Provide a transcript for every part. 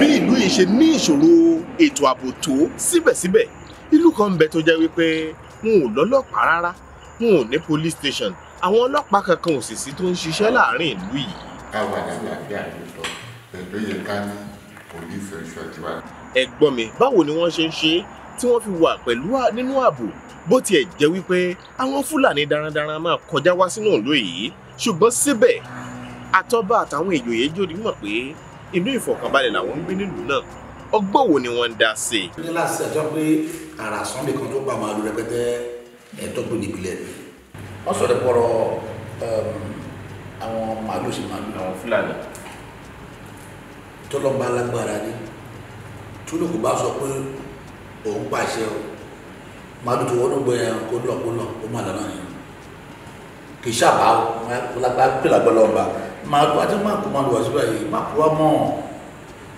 bí ìlú yìí ṣe ní ìṣòro ètò ààbò tó síbẹ̀síbẹ̀ ìlú kan ń bẹ tó jẹ́ wípé wọn ò lọ́lọ́pàá rárá wọn ò ní police station àwọn ọlọ́pàá kankan ò sì sí tó ń ṣiṣẹ́ láàárín ìlú yìí. káwa ní àlàáfíà àjọyọ̀ pẹ̀lú yẹn ká ní police station tiwa. ẹ gbọ́ mi báwo ni wọ́n ṣe ń ṣe tí wọ́n fi wà pẹ̀lú nínú ààbò bó tiẹ̀ jẹ́ wípé àwọn fúlàní darandaran máa kọjá wá sínú ìlú yìí ṣùgbọ́n síbẹ̀ àtọ́ba àtàwọn èèyàn yẹn jòdì mọ̀ pé inú ìfọ̀kànbalẹ̀ làwọn ń gbé nílùú náà ọgbọ́n wo ni wọ́n ń dá sí i. ní láti ṣàjọ pé ara sunday kan tó pa àwọn àlù rẹpẹtẹ ẹ̀tọ́ gbé nípìnlẹ̀ mi wọ́n sọ̀rọ̀ pọ̀rọ̀ um, àwọn màálù sí màálù. àwọn fúlàní. tọ́lọ́ba alágbára ni túlù kò bá sọ pé òun pàṣẹ o màálù tó wọ́n gbé ẹ̀ kó lọ kó lọ ó mà lọ́nà yẹn kì í ṣàbà ó lágbára pé làgbọ́lọ́ba màálù àti máa kó màálù àti báyìí má kó wa mọ́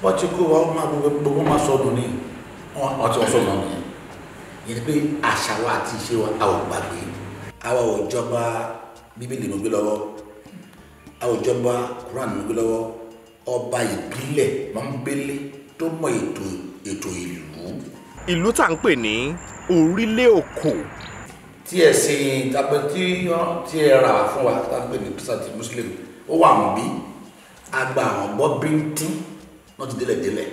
wọ́n ti kó wa má gbogbo má sọnù ní wọ́n ti wọ́n sọnù ní yẹn pé àṣà wa àti ìṣe wa a gbàgbé àwa ò bíbélì mi gbé lọ́wọ́ a ò Quran mi gbé lọ́wọ́ ọba ìbílẹ̀ mọ́nbélé tó mọ ètò ètò ìlú. ìlú tá à ń pè ní orílẹ̀ òkò. tí ẹ̀sìn tàbí tí ẹ rà fún wa tá à ń pè ní kristian muslim ó wà wọn bí agba àwọn gbọ́ bíntín náà ti délẹ̀ délẹ̀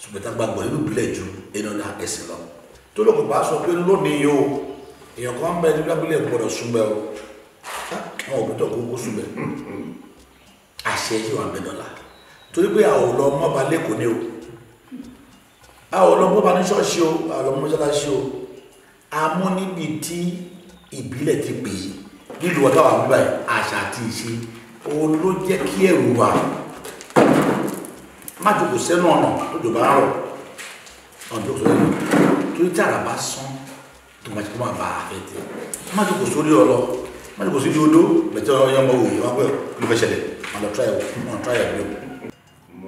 ṣùgbọ́n tá a gbàgbọ́ nínú ìbílẹ̀ ju ẹnu náà ẹ̀sìn lọ tó ló kò bá sọ pé lónìí yóò èèyàn kan bẹ ní lábílẹ̀ gbọ́dọ̀ súnbẹ́ o àwọn òbí tó kó kó súnbẹ́ àṣẹ yìí wà bẹ́ẹ̀ dọ́là torí pé àwọn ọ̀lọ́ mọ́ba lẹ́kọ̀ọ́ ni o àwọn ọ̀lọ́ mọ́ba ní ṣọ́ọ̀ṣì o àwọn ọmọ mọ́ṣáláṣí o amúnibí tí ìbílẹ̀ ti pè é nílùú ọ̀dọ́ àwọn àbúrò àṣà àti ìṣe òun ló jẹ́ kí ẹ̀rù wà má jókòó sẹ́nu ọ̀nà lójó bá rọ̀ ọ̀nà jókòó sẹ́nu torí tí àrà bá sán tó máa ti kó máa bá fẹ́ tẹ má jókòó sórí ọlọ má jókòó sórí odó bẹ̀tẹ̀ ọyọ́ ọmọ òye wá pẹ́ kí ló fẹ́ ṣẹlẹ̀ má lọ tíráyà má lọ tíráyà bí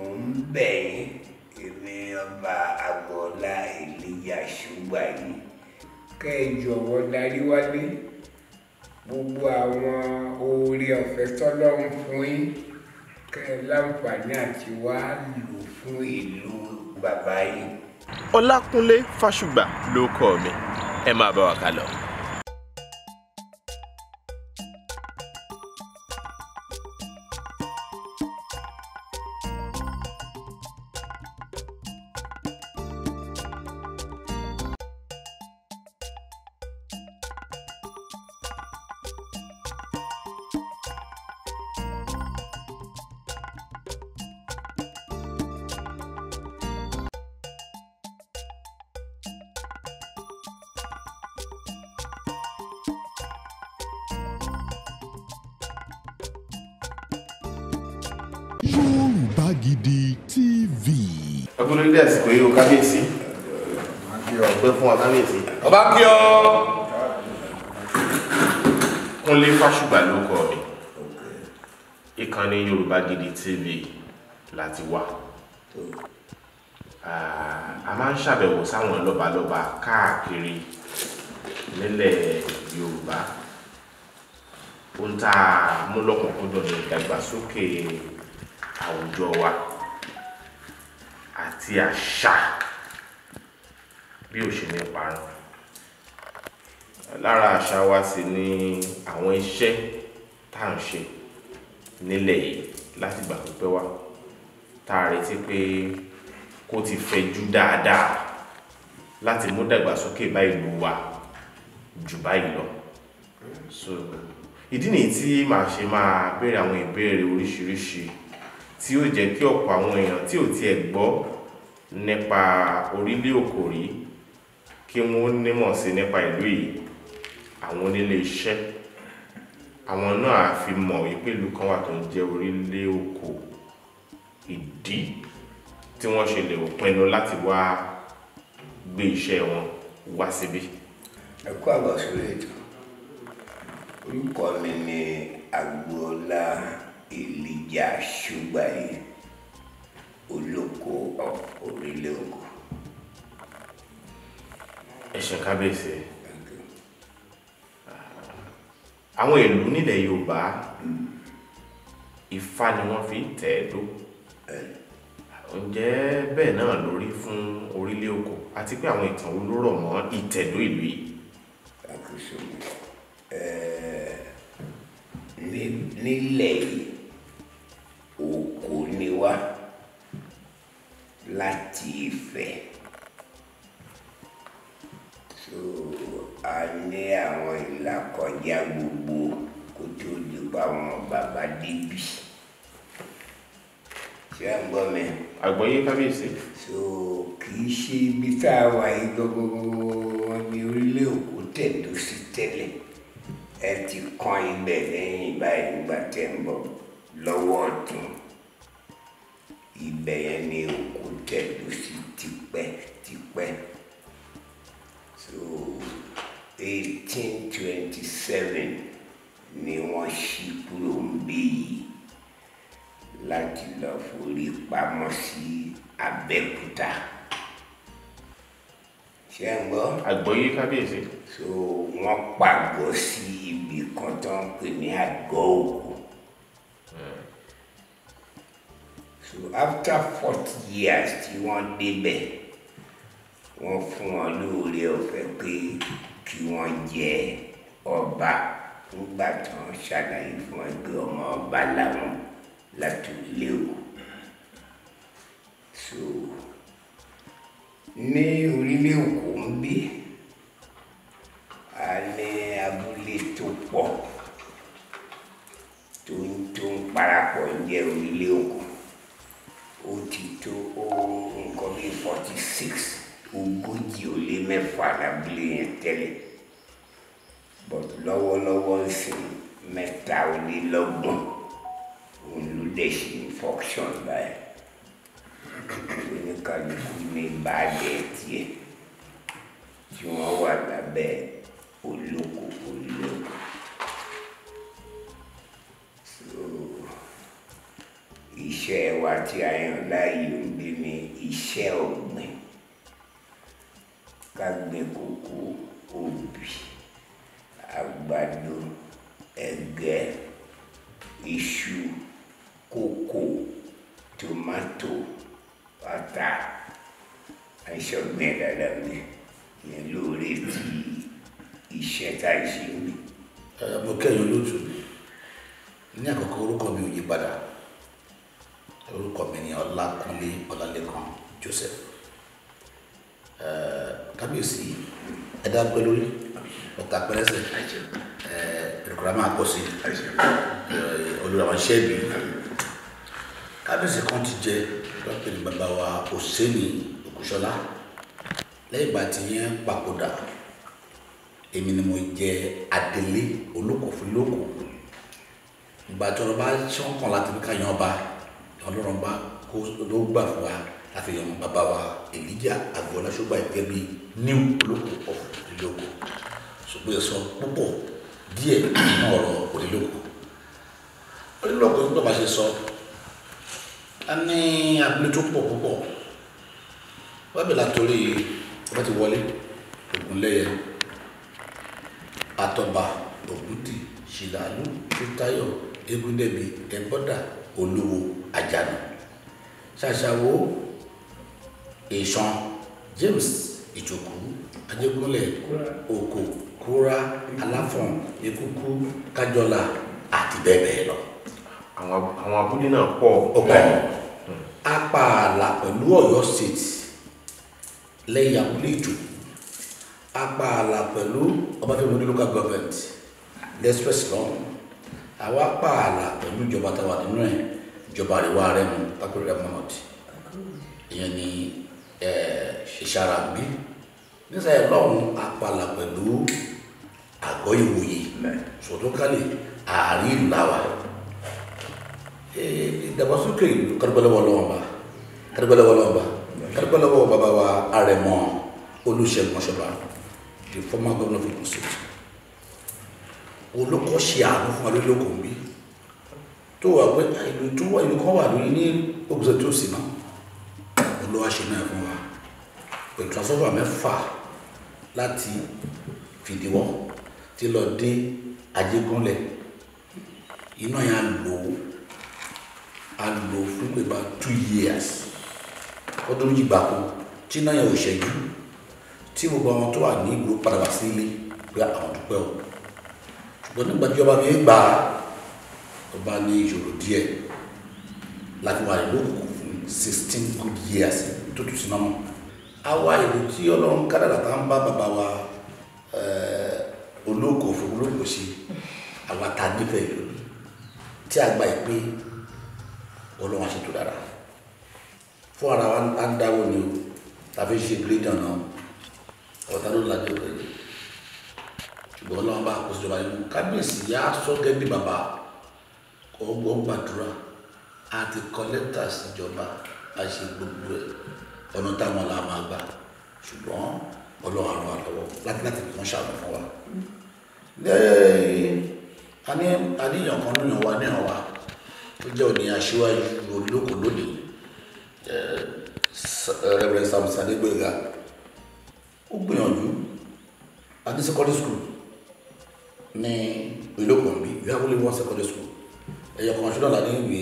o. ń bẹ̀ yín èmi ọba àgbọ̀lá èlé yà yìí kẹ́ ẹ jọ̀wọ́ darí gbogbo àwọn oore ọ̀fẹ́ tọ́lọ́run fún yín kẹ́ ẹ láǹfààní àti wá lò fún ìlú bàbá yìí. Ọlákúnlé Fásùgbà ló kọ́ mi ẹ máa bá wa kálọ. Yorùbá Gidi TV. ọkùnrin ilé àsìkò yìí ó kábíyèsí ọpẹ́ fún wa kábíyèsí. ọba kí ọ Kúnlé Fásùgbà ló kọ mi ìkànnì Yorùbá Gidi TV láti wá a máa ń ṣàbẹ̀wò sáwọn lọ́balọ́ba káàkiri nílẹ̀ Yorùbá ohun tá a mú lọ́kùnkúndùn ní ìdàgbàsókè àwùjọ wa àti àṣà bí ò ṣe ní parun lára àṣà wa sì ni àwọn iṣẹ́ tá à ń ṣe nílẹ̀ yìí láti gbà pípẹ́ wá tá a retí pé kó ti fẹjú dáadáa láti mú dàgbàsókè bá ìlú wa jù báyìí lọ so ìdí nìyí tí màá ṣe máa béèrè àwọn ìbéèrè oríṣiríṣi tí ó jẹ́ kí ọ̀pọ̀ àwọn èèyàn tí ò tiẹ̀ gbọ́ nípa orílẹ̀ òkòrí kí wọ́n nímọ̀ sí nípa ìlú yìí àwọn onílé iṣẹ́ àwọn náà á fi mọ̀ wípé ìlú kan wà tó ń jẹ́ orílẹ̀ òkò ìdí tí wọ́n ṣe lè pinnu láti wá gbé iṣẹ́ wọn wá síbí. ẹ kú àbọ̀ sórí ètò orúkọ mi ni agboola. Èlíjà Ṣúgbàyí olóko orílẹ̀ ògùn. ẹ ṣé kábíyèsí àwọn ìlú nílẹ̀ Yorùbá hmm. Ifá ni wọ́n fi tẹ̀ ẹ́ dó ǹjẹ́ bẹ́ẹ̀ náà lórí fún orílẹ̀ ògùn àti pé àwọn ìtàn wo ló rọ̀ mọ́ ìtẹ̀dó ìlú yìí. nílẹ̀ yìí láti Ifẹ̀ so a ní àwọn ìlàkọjá gbogbo kó tó di pa àwọn bàbá débi ṣé à ń gbọ́ mi. àgbọ̀yé kábíyèsí. so kì í ṣe ibi tá a wà yìí gbogbogbò ní orílẹ̀ òkú tẹ̀dó sí tẹ́lẹ̀ ẹ ti kan ibẹ̀ lẹ́yìn báyìí nígbà tẹ̀ ń bọ̀ lọ́wọ́ ọ̀tún ibẹ̀ yẹn ni òkú tẹ̀lú sí tipẹ́ tipẹ́ so eighteen twenty seven ni wọ́n ṣí kúrò ń bí yìí láti lọ forí pamọ́ sí Abẹ́òkúta ṣé ń gbọ́. àgbọ̀yé kábíyèsí. so wọ́n pàgọ́ sí ibì kan tó ń pè ní àgọ́ òkú. so after forty years tí wọ́n débẹ̀ wọ́n fún wọn lóore ọ̀fẹ́ pé kí wọ́n jẹ ọba nígbà tí wọ́n ṣàlàyé fún wọn pé ọmọ ọba làwọn láti ilé so ní orílẹ̀ Èkó ń bí a ní abúlé tó pọ̀ tó ń tó ń parapọ̀ ń jẹ́ orílẹ̀ Èkó ó ti o nǹkan bíi forty six ogójì ó lé mẹ́fà lábúlé yẹn tẹ́lẹ̀ but lọ́wọ́lọ́wọ́ ń sìn mẹ́ta ó lé lọ́gbọ̀n òun ló dẹ̀ ṣe function báyìí oníkàlùkù ní báàgẹ̀ tiẹ̀ tí wọ́n wà lábẹ́ olóko olóko. iṣẹ́ wa tí a yàn láàyò ń gbé ní iṣẹ́ ọ̀gbìn ká gbin kòkó obì àgbàdo ẹ̀gẹ́ iṣu kòkó tomato ata aṣọ́gbìn ẹ̀dàdà mi yẹn lóore ti iṣẹ́ tá a ṣe mi. mo kẹ́yìn olóòtú ní àkọ́kọ́ orúkọ mi ò yí padà orúkọ mi ni ọlákúnlé ọlálẹ́kan joseph eh, kábíyèsí ẹ̀dá pẹ́ lórí ọ̀tá pẹ́rẹ́sẹ̀ ẹ̀rọ̀kọ̀rọ̀ máa pọ̀ sí eh, olùrànwọ́ ṣẹ́ẹ̀bì kábíyèsí kan ti jẹ dókítà bàbá wa Hùsẹ́ẹ̀nì Ògúnṣọlá lẹ́yìn ìgbà tí yẹn papòdà èmi ni mo jẹ adelé olókòfin lóko ìgbà tí ọ̀rọ̀ bá ṣọ́kàn láti fi káyọ̀ ọba ọlọ́run bá kó ló gbà fún wa láti yan bàbá wa èlíjà àgbọ̀nà ṣùgbọ́n ẹ̀gẹ́ bíi new olóko of olóko ṣùgbọ́n ẹ sọ púpọ̀ díẹ̀ nínú ọ̀rọ̀ olóko olóko nígbà bá ṣe sọ a ní abúlé tó pọ̀ púpọ̀ wábẹ̀ látòrí wọ́n ti wọlé ògúnlẹ́yẹ àtọ̀bà ògúndì ṣìlàlú tó táyọ̀ egúndẹ̀bí ẹ̀bọ́dà olúwo àjànà ṣàṣàwò èèṣàn james ìjòkú ajégúnlẹ̀ òkò kúra aláfọ̀n ikúkú kájọlà àti bẹ́ẹ̀ bẹ́ẹ̀ lọ. àwọn abúlé náà pọ̀ ọ̀pọ̀ apààlà pẹ̀lú ọ̀yọ́ state lẹ́yìn abúlé ìjò apààlà pẹ̀lú ọbáfẹ́mi local government lẹ́sìrẹ́sì lọ́hùn àwa pààlà pẹ̀lú ìjọba tàwa nínú ẹ̀ ìjọba àríwá rẹ̀ mu Takoradi Muhammad ìyẹn ni Ìṣaràgbé nígbà yẹn lọ́hùn àpàlà pẹ̀lú àgọ́ ìwòye sọ̀túnkálẹ̀ àárín ìlàwà ìdàgbàsókè ìlú kárígbọ́lọ́wọ́ lọ́wọ́ bá kárígbọ́lọ́wọ́ lọ́wọ́ bá kárígbọ́lọ́wọ́ bàbá wa Àrẹ̀mọ Olúṣẹ́gun Ọ̀ṣọ́bà the former governor of Ogun State olóko ṣe àánú fún wa lórí okòó bí tó wà pé ah, ìlú tó wà ìlú kan wà lórí ní ògùsọ tí ó sì náà olówó ṣe náà fún wa pẹ̀lú transfọ́fà mẹ́fà láti fìdíwọ́ tí lọ dé ajégúnlẹ̀ iná yẹn á lò ó lò fún pé bá two years ọdún méjì gbàgbó tí iná yẹn ò ṣẹ́jú tí gbogbo àwọn tó wà ní ìgboro padà wá sílé pé àwọn dúpẹ́ o bó nígbà tí ọba fi gbà tó bá ní ìṣòro díẹ̀ láti wà ìlú òkùnkùn fún sixteen good years tó tù sí náà mọ́ àwa ìlú tí ọlọ́run kádàrà tá ń bá bàbá wa olóògùn òfin olóògùn ṣe àwa ta nífẹ̀ẹ́ ìlú tí a gba ìpè ọlọ́run àṣetò dára fún ara wa ń dáwọ́ ni o tàbí ṣe gírédàn náà ọ̀tá ló lajú rẹ̀ ṣùgbọ́n ọlọ́run bá kó síjọba nínú kábíyèsí yá sọ́gẹ́ bí bàbá ọgbọ́n gbàdúrà àti kọ́lẹ́tà síjọba a ṣe gbogbo ẹ̀ ọ̀nà táwọn là máa gbà ṣùgbọ́n ọlọ́run àrùn àlọ́wọ́ láti láti kàn ṣàlù fún wa. lẹ́yìn àníyàn kan níyàn wa níyàn wa tó jẹ́ òní aṣíwájú olóko lónìí Reverend Sam Sadegberga ó gbìyànjú àti secondary school ní ìlú kọ̀ọ̀bí you have only one secondary school ẹ̀yọ̀ kọ̀ọ̀ṣọ́ náà ní ìwé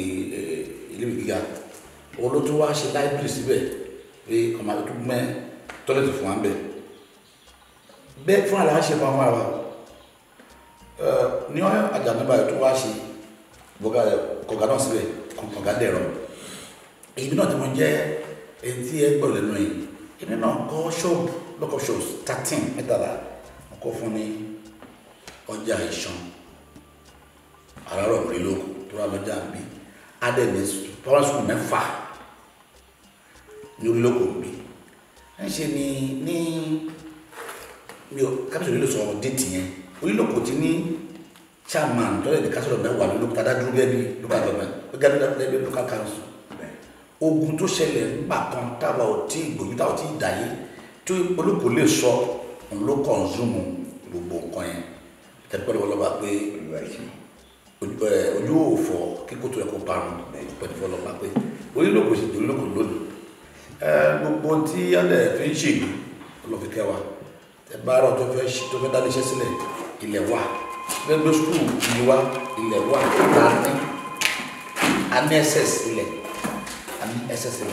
iléèwé gíga òun ló tún wá ṣe láìpẹ́ síbẹ̀ pé ọmọ àti tún mẹ́ tọ́lẹ̀tì fún wa ń bẹ̀ bẹ́ẹ̀ fún àlá ṣe fún àwọn ní àjàmẹ́bà tó wá ṣe kọ̀ọ̀gá náà síbẹ̀ kọ̀ọ̀gá dẹ̀rọ̀ èyí náà tí mo jẹ́ etí ẹgbẹ́ òlẹ́nu yìí èmi náà kọ́ ṣọ́ọ̀bù lọ́kọ̀ ṣọ́ọ̀bù thirteen mẹ́tàlá mo kọ́ fún ní ọjà ìṣan àràárọ̀ òrè lóko tó rà lọ́jà bí adẹ̀nẹ̀ tọ́lá sùn mẹ́fà ní orí lóko ẹ ṣe ni ní mi ò kábíyèsí onílò sọ déètì yẹn onílòkò ti ní chairman tọ́lẹ̀ ní kásọ̀rọ̀ mẹ́wàá ló lókùtà dádúró gẹ́gẹ́ bí local government gẹ́gẹ́ bí local council ogun tó ṣẹlẹ̀ nígbà kan táwa ò tí ì gbòjú táwa ò tí ì dàyé tí olóko lè sọ òun ló kàn zoomu gbogbo nǹkan yẹn tẹnipẹ́ni wọn lọ́ba o ojú ò que kíkótó ẹ̀ kó parun tẹnipẹ́ni wọn lọ́ba pé o sì dùn lóko lónìí gbogbo tí alẹ́ o ń ṣèlú ọlọ́fi kẹwa ẹ bá rọ tó fẹ́ tó fẹ́ dáníṣẹ́ sílẹ̀ ilẹ̀ wa gbẹgbẹ sukuu ìlú wa ilẹ̀ wa o ani o ilẹ̀ o ẹsẹs o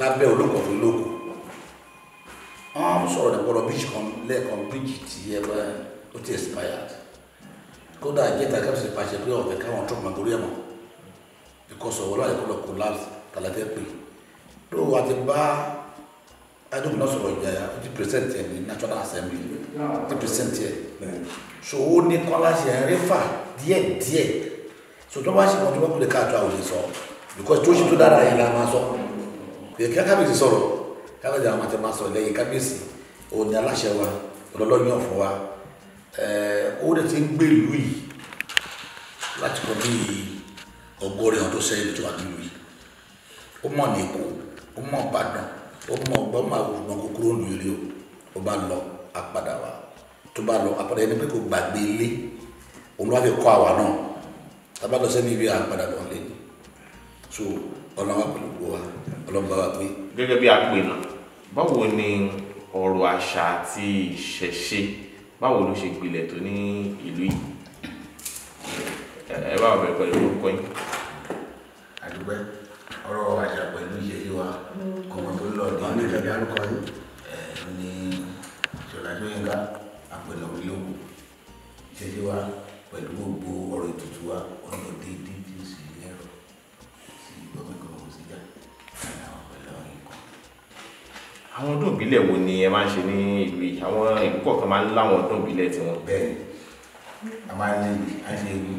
lábẹ́ o lóko o sọ̀rọ̀ o ọ̀rọ̀ o kan o bíríjì o í o báyìí ó ti expired kódà ìjẹta kábíyèsí pàṣẹ pé ọ̀fẹ́ káwọn trump máa borí ẹ̀ mọ́ because ọ̀wọ́ láyé kó lọ kó láti tàlàfẹ́ pé ló wà ti bá adókùn náà sọ̀rọ̀ ìjà ó ti present ẹ̀ ní national assembly ó ti present ẹ̀ so ó ní kọ́lá ṣe ń rí fà díẹ̀díẹ̀ so tó bá ṣe kàn tó bá kúlẹ̀ káàtó àwọn olè sọ because tó ṣe tó dára yẹn la máa sọ kí kábíyèsí sọ̀rọ̀ kábíyèsí àwọn àti máa sọ lẹ́yìn kábíyèsí òun ni aláṣẹ wa ó dẹ̀ ti ń gbèlú yìí láti kọ́ bí ọgọ́rin ọdún sẹ́yìn tó wà yìí ó mọ̀ ní ó mọ̀ o ó bá lọ apàdà wa tó bá lọ apàdà ẹni pé kò gbàgbé ilé òun ló wá fi kọ́ àwa náà sẹ́ni ibi lé ní so ọlọ́wà ni ọ̀rọ̀ àṣà àti ìṣẹ̀ṣe báwo ló ṣe gbilẹ̀ tó ní ìlú yìí ẹ bá bẹ̀rẹ̀ pẹ̀lú orúkọ yín. àdúgbẹ́ ọ̀rọ̀ àṣà pẹ̀lú ìṣèlú wa kọ̀mọ̀ tó lọ dé ní ìlú alùpùpù yìí ẹ̀ ló ní ṣọlá ṣóyínká àpẹẹrẹ orílẹ̀-èdè ìṣèlú wa pẹ̀lú gbogbo ọ̀rọ̀ ètùtù wa ọ̀rọ̀ déédéé tí ó sì lẹ́rọ̀ sí gbọ́mọ àwọn ọdún ìbílẹ̀ wo ni ẹ máa ń ṣe ní ìlú yìí àwọn ìlú kọ̀ọ̀kan máa ń láwọn ọdún ìbílẹ̀ tí wọ́n. bẹ́ẹ̀ a máa ń lébi a ṣe ewu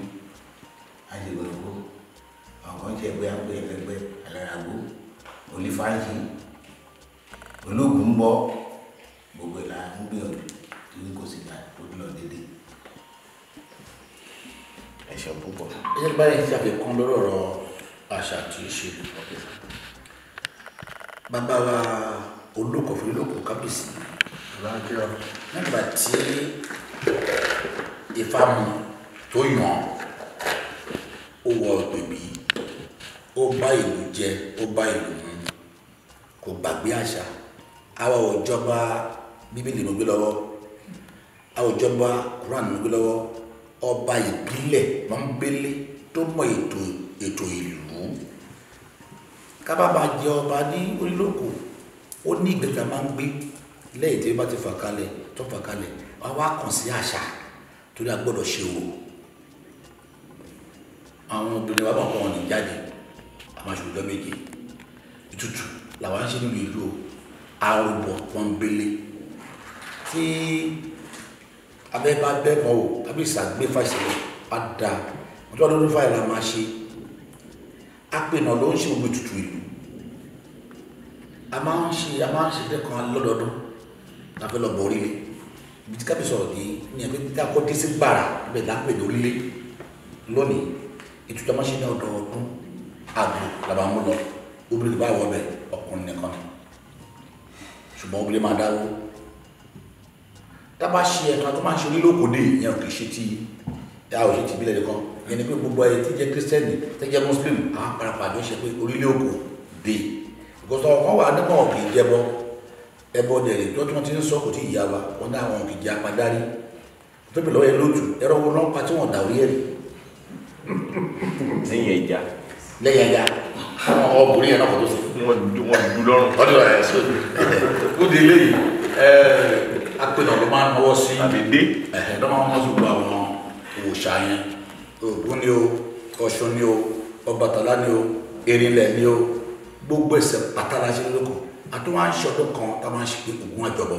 a ṣe gbòǹgbò àwọn kan ṣe ẹgbẹ́ àgbẹ̀ ẹlẹgbẹ́ alárabó olífàájì olóògùn ń bọ̀ gbogbo ìlà ń gbìyànjú tí kò sì gbà tó lọ dédé. ẹ ṣeun púpọ̀. ẹ ṣe báyìí ti àfikún lọ́rọ̀ ọ̀rọ̀ àṣà tí í olókòfin olókòó kábíyèsí nígbà tí ifá mu tó yàn ó wọ gbèbí ó bá ìlú jẹ ó bá ìlú mu kò gbàgbé àṣà àwa ò jọba bíbélì mo gbé lọ́wọ́ àwa ò jọba quran mo gbé lọ́wọ́ ọba ìbílẹ̀ pọ́nbélé tó mọ ètò ètò ìlú kábàbà jẹ ọba ní orílẹ̀-èdè ó ní ìgbéga máa ń gbé lẹ́yìn tí ó bá ti fà kalẹ̀ tó fà kalẹ̀ wá wá kàn sí àṣà torí a gbọ́dọ̀ ṣe òwò àwọn obìnrin wa bá wọn ní jáde àwọn aṣòjọ méje ìtutù làwọn ń ṣe nínú ìlú o arúgbó pọ́nbélé tí abẹ́ bá bẹ́ mọ́ o tàbí ìsàgbé fàṣẹlẹ̀ á da ọjọ́ ọdún fàyà la máa ṣe á pè náà ló ń ṣe òwe tutù ìlú a máa ń ṣe a máa ń ṣe bẹ́ẹ̀ kan lọ́dọọdún la fẹ́ lọ bọ̀ orílẹ̀ ibi tí kábíyèsí ọ̀rọ̀ yìí ní ẹgbẹ́ tí a kọ́ dé sí gbàrà ibẹ̀ là ń pè ní orílẹ̀ lónìí ìtújọ́ máa ṣe ní ọdọọdún àgbo làbá mú lọ obìnrin bá wọ bẹ ọkùnrin nìkan ni ṣùgbọ́n obìnrin máa dáwó tá a bá ṣe ẹ̀ka tó máa ń ṣe onílòkòdè ìyẹn ò kì í ṣe ti a ò ti ìbílẹ̀ nìkan ìyẹn ni pé gbogbo ẹ̀ tí jẹ́ kírísítẹ́nì tí jẹ́ mùsùlùmí àwọn parapàdé ṣe pé orílẹ̀ òkò because àwọn kan wà nípa òkè ìjẹbọ ẹbọ dẹrẹ tó tún ti ń sọ kò tí ì wa wọn ní àwọn òkè ìjẹ apadárí tóbi lọ́wọ́ ẹ lójú ẹ̀rọ wọn lọ́pàá tí wọ́n dà orí ẹ̀rí. lẹ́yìn ẹja. lẹ́yìn ẹja àwọn ọkùnrin yẹn náà kò tó sọ. wọ́n ju wọ́n ju lọ́rùn. wọ́n ti rà ẹ̀ sọ kó di eléyìí apẹ̀nà ló máa ń náwó sí. àdédé. ẹ̀hẹ̀ máa ń gbogbo ẹsẹ̀ pátá la ṣe lóko àti wọn aṣọ ọdún kan tá a máa ṣe pé ògùn àjọbọ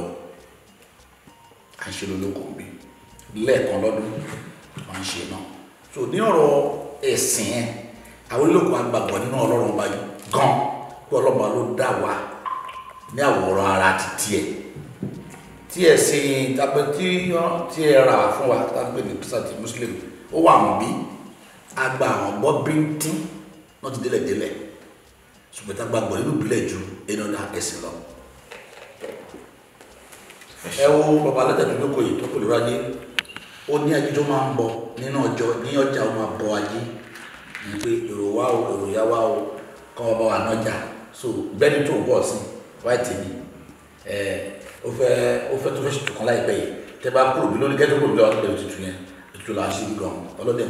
aṣọ lóko bí lẹ́ẹ̀kan lọ́dún wọn ṣe náà so ní ọ̀rọ̀ ẹ̀sìn yẹn àwọn olóko agbàgbọ́ nínú Ọlọ́run ọba gan pé ọlọmọ ló dá wa ní àwòrán ara títí ẹ tí ẹ ṣe tàbí tí tí ẹ rà fún wa tàbí ní kristian muslim ó wà wọn bí agba àwọn gbọ́ bíntín náà ti délẹ̀ délẹ̀ ṣùgbọ́n tá a gbàgbọ́ nínú ìbílẹ̀ ju ẹni ọ̀dà ẹ̀sìn lọ. ẹ wo bàbá alátẹ̀dúndókò tó kò lóra ó ní máa ń bọ nínú ọjọ́ ní ọjà ó máa bọ ajé pé èrò wá o èrò so bẹ́ẹ̀ni tó bọ̀ sí wáìtì ni ẹ ó fẹ́ ó fẹ́ tó fẹ́ ṣètò láìpẹ́ yìí bá kúrò bí kẹ́tọ́ kúrò bí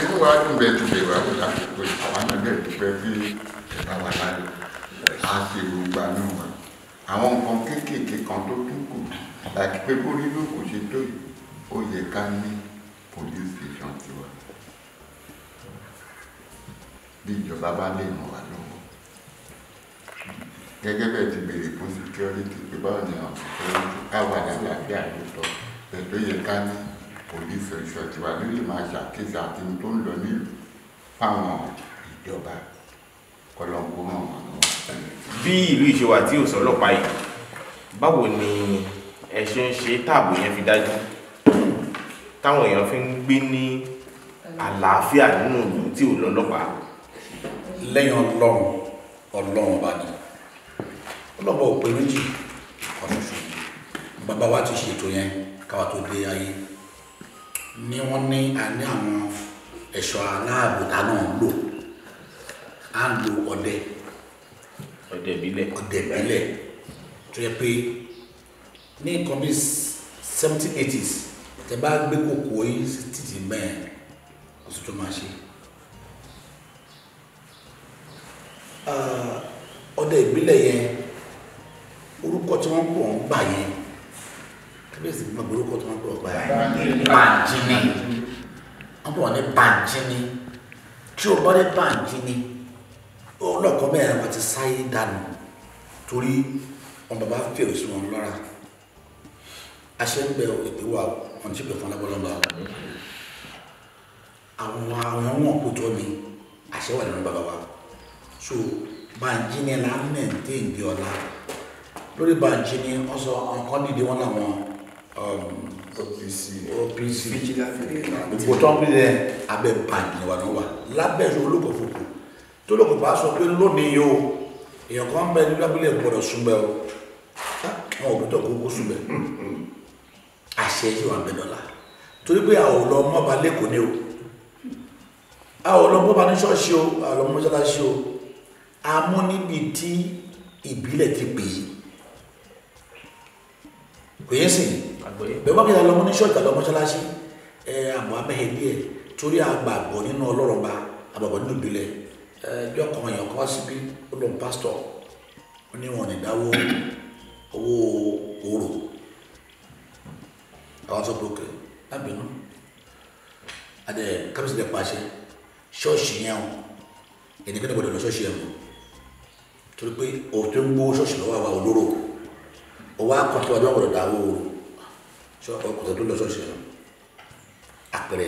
inú wa dùn bẹ́ẹ̀ ti lè wá fún àsìkò àwọn ẹgbẹ́ ìdúpẹ́ bí ẹ̀bá wa láyé a sì rògbà náà wá àwọn nǹkan kéékèèké kan tó tún kù láti pé bórí ló kò ṣe tó yìí ó yẹ ká ní police station tiwa bí ìjọba bá lè mọ̀ wá lọ́wọ́ gẹ́gẹ́ bẹ́ẹ̀ ti béèrè fún security pé báwo ni àwọn security káwọn àlàáfíà ló tọ́ pẹ̀lú yẹ ká ní pòlíìsì ẹ̀ṣọ́ tiwa nílùú máa ṣàkíyèsí àti ohun tó ń lọ nílùú fáwọn ìjọba kọlọ́ǹkó náà wà lọ́wọ́. bí ìlú ìṣèwà tí ò sọlọ́pàá yìí báwo ni ẹ ṣe ń ṣe táàbù yẹn fi dájú táwọn èèyàn fi ń gbé ní àlàáfíà nínú ìlú tí ò lọ́lọ́pàá. lẹ́yìn ọlọ́run ọlọ́run ọba ni ọlọ́pàá ò pé méjì ọ̀ṣọ̀ṣọ̀ bàbá wa ti ṣètò yẹn káwa tó dé ayé ni wọ́n ní àní àwọn ẹ̀ṣọ́ aláàbòtá náà lò á ń lo ọdẹ ọdẹ ìbílẹ̀ ọdẹ ìbílẹ̀ tó yẹ pé ní nǹkan bíi seventy eighties tẹ bá gbé kòkó yìí sí títì mẹ́ẹ̀ máa ṣe. ọdẹ ìbílẹ̀ yẹn orúkọ tí wọ́n pọ̀ ń gbà yẹn kábíyèsí bí gbogbo orúkọ tó máa ń pè ọgbà yẹn bàǹjìní wọn bọ̀ ní bàǹjìní tí o bọ́ ní bàǹjìní ọlọ́kọ mẹ́rin wọn ti sáyé dànù torí wọn bàbá fèrè sí wọn lọ́ra aṣẹ ń bẹ ìpè wà wọn ti bẹ fún alábọ́lọ́gbà àwọn àwọn wọn kò jọ mi àṣẹ wà nínú bàbá wa so bàǹjìní là ń mẹ́ǹtẹ́ ìdí ọ̀la lórí bàǹjìní wọn sọ ọkọ dìde wọn làwọn. OPC gbogbo tó ń bí yẹn abẹ́ bàǹdì wà ló wà lábẹ́ ìṣòro olókòfòkò tó lókòfò á sọ pé lónìí yóò èèyàn kan bẹ nínú abúlé gbọ́dọ̀ súnbẹ o wọn ò gbọ́dọ̀ kókó súnbẹ àṣẹ yìí wà bẹ dọla torí pé àwọn ọlọ mọba lẹkọọ ni o àwọn ọlọ mọba ní ṣọ́ọ̀ṣì o àwọn ọlọ mọṣáláṣí o amú níbi tí ìbílẹ̀ ti pè é kò yẹ sìn yìí bẹ́ẹ̀ bá kẹta lọ́mọ ní ṣọ́ọ̀tà lọ́mọ ṣáláṣí ẹ àmọ́ abẹ́hẹ́ díẹ̀ torí àgbàgbọ́ nínú ọlọ́run ba àgbàgbọ́ nínú ìbílẹ̀ ẹjọ́ kan èèyàn kan wá síbí ó lóun pásítọ̀ ó ní wọn ìdáwó owó orò àwọn sọ pé òkè lábìínú adẹ kábíyèsí dẹ pàṣẹ ṣọ́ọ̀ṣì yẹn o ẹni kí ni gbọdọ̀ lọ ṣọ́ọ̀ṣì yẹn o torí pé òtún gbó ṣọ́ọ̀ṣì lọ́wọ́ àwa olóró òwò akọ̀tọ̀ ọdún ọ̀gbọ̀dọ̀ dáwó orò ọkùnrin tó lọ ṣọ́ọ̀ṣì náà àpẹẹrẹ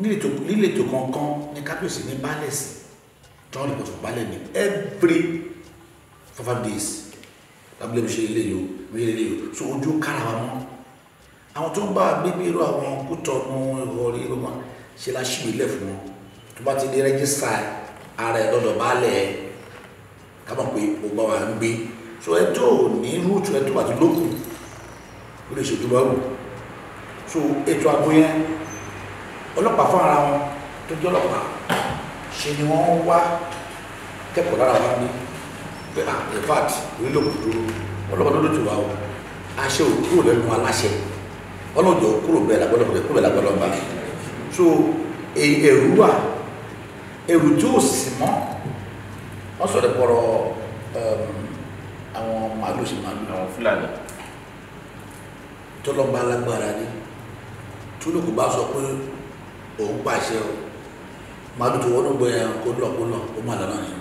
ni níletò kankan ní kábíyèsí ní baálẹ̀ sí tọ́ ní kòtò baálẹ̀ ní every four five days lábúlé mi ṣe ilé yìí o mi ilé yìí o so ojú kára wa mọ́ àwọn tó ń bá gbégbé irú àwọn kútọ̀ mú ìrọ̀rí irú wọn ṣe la ṣì ilé fún wọn tó bá ti di rẹ́gísítà ara ẹ̀ lọ́dọ̀ baálẹ̀ ẹ̀ ká mọ̀ pé ògbà wa ń gbé so ẹ tó ní rúùtù ẹ tó bá ti lókun ó lè ṣètò bá wù so ètò ààbò yẹn ọlọ́pàá fúnra wọn tó jẹ́ ọlọ́pàá ṣe ni wọ́n wá kẹ́kọ̀ọ́ lára wa ní pé à ah, in fact orílẹ̀ òkúdúró ọlọ́pàá tó lójú wa o aṣẹ ò kúrò lẹ́nu aláṣẹ ọlọ́jọ́ kúrò bẹ́ẹ̀ lágbọ́lọ́ bẹ́ẹ̀ kúrò bẹ́ẹ̀ lágbọ́lọ́ bá so ẹ̀rù wà ẹ̀rù tí ò sì mọ́ wọ́n sọ̀rọ̀ pọ̀rọ̀ àwọn màálù sí màálù àwọn fúlàní tọ́lọ́ba alágbára ni túlù kò bá sọ pé òun pàṣẹ o màálù tó wọnú gbẹ kó lọ kó lọ kó ni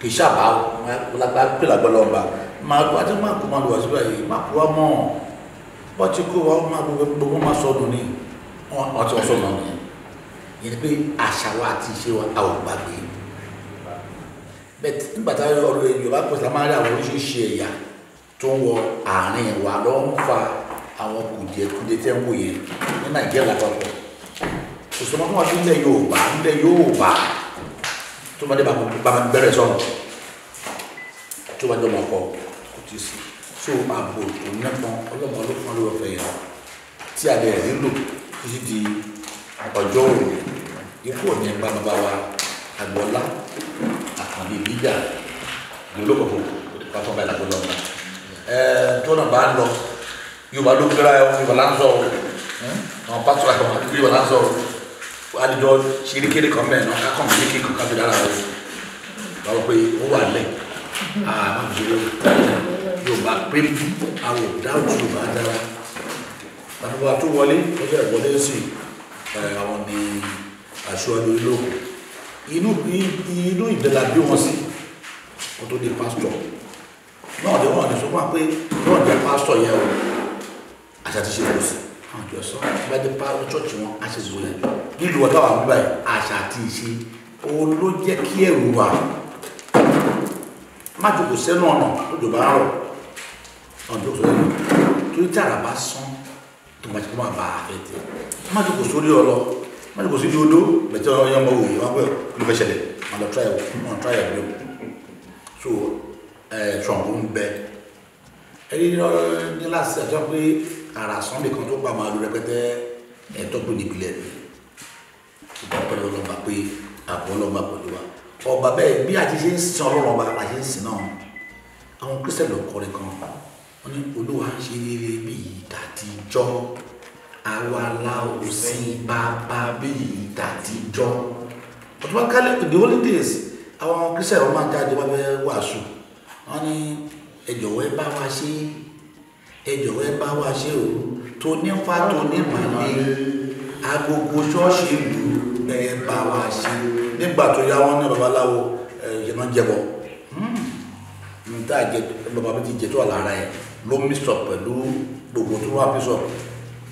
kì í ṣàbá o lágbá pè lágbára ọba màálù àti má kó màálù wá síbẹ̀ yìí má kó wá mọ́ ọ ti kó wa má gbogbo má sọnù ni wọ́n ti sọnù ni yẹn pé àṣà wa àti ìṣe wa a ò gbàgbé bẹ́ẹ̀ nígbà táwọn ọ̀rọ̀ Yorùbá pọ̀ sí àmàlà àwọn oríṣiríṣi ẹ̀yà tó ń wọ àárín wa ló ń fa àwọn kùdìẹ̀kudẹ tẹ́ ń wò yẹn ní nàìjíríà lápapọ̀ òṣùwọ̀n fún wa sí ilẹ̀ yorùbá ilẹ̀ yorùbá tó bá dé bàbá bẹ̀rẹ̀ sọ̀rọ̀ tó bá dé ọmọ ọkọ kò tí ì sí so ààbò onínáfọn ọlọ́mọ ọlọ́fọn ló fẹ́ yẹn tí a lè nílò títí di ọjọ́ òní ikú òní ẹgbẹ́ bàbá wa àgbọ̀lá àkànbí bíjà ìlú olókòkò pàtó báyìí làgbọ́dọ̀ náà tó náà bá ń lọ yorùbá ló gbéra ẹ yorùbá là ń sọ ọ pásítọ̀ àti ọmọ kiri yorùbá là ń sọ ọ adijọ ṣeré kéré kan mẹ́rin náà kákan mi kékeré kan kábi dára o báwo pé ó wà lẹ̀ àmọ́ ìṣòro yorùbá pé àwọn òdáwò yorùbá dára àtúbọ̀ àtú wọlé ọjọ́ ìwọlé sí àwọn ní aṣọ́jú olóògùn inú ìdẹ́làbí wọn sí kó tó di pásítọ̀ náà lè wọ́n lè sọ wá pé náà lè pásítọ̀ yẹn o àti àti ṣe lọ́sí àwọn ìjọ sọ bá jẹ́ pásítọ̀ chọ́ọ̀chì wọn á ṣe zò yẹn nílùú ọ̀tá wà nígbà yìí àṣà àti ìṣe òun ló jẹ́ kí ẹ̀rù wà má jòkó sẹ́nu ọ̀nà tó jòbá rọ̀ ọ̀nà tó sọ yẹn torí tí àrà bá sán tó máa ṣe kó máa bá a fẹ́ tẹ̀ má jòkó sórí ọlọ má jòkó sí odó bẹ̀tẹ̀ ọyọ́ ọmọ òye wá pẹ́ kí ló fẹ́ ṣẹlẹ̀ má lọ tíráyà wọ́n tíráyà ṣọ̀ǹbù eh, ń bẹ ẹni ní láti àjọ pé ara sunday kan tó pa màálù rẹpẹtẹ ẹ̀tọ́ tó nípìnlẹ̀ mi ìgbà pẹ̀lú ọlọ́mà pé àbọ̀ ọlọ́mà pẹ̀lú wa ọba bẹ́ẹ̀ bí a ti ṣe ń sin ọlọ́run ọba a ṣe ń sin náà àwọn kírísítẹ̀lì ọkọrin kan wọn ní olúwa ń ṣe rere bí ìtàtijọ́ àwa la ò sí bàbá bí ìtàtijọ́ ọ̀tún bá kálẹ̀ the holidays àwọn kírísítẹ̀lì ọmọ àti àjẹbá wàásù wọ́n ní ẹ jọ̀wọ́ ẹ bá wa ṣe ẹ jọ̀wọ́ ẹ bá wa ṣe o tó nípa tó nímọ̀lẹ́ agogo ṣọ́ọ̀ṣì ìlú ẹ bá wa ṣe nígbà tó yá wọn ní babaláwo ẹ yẹn jẹbọ hmm. níta jẹ bàbá mi ti jẹ tó wà lára ẹ ló mí sọ pẹ̀lú gbogbo tó wà mí sọ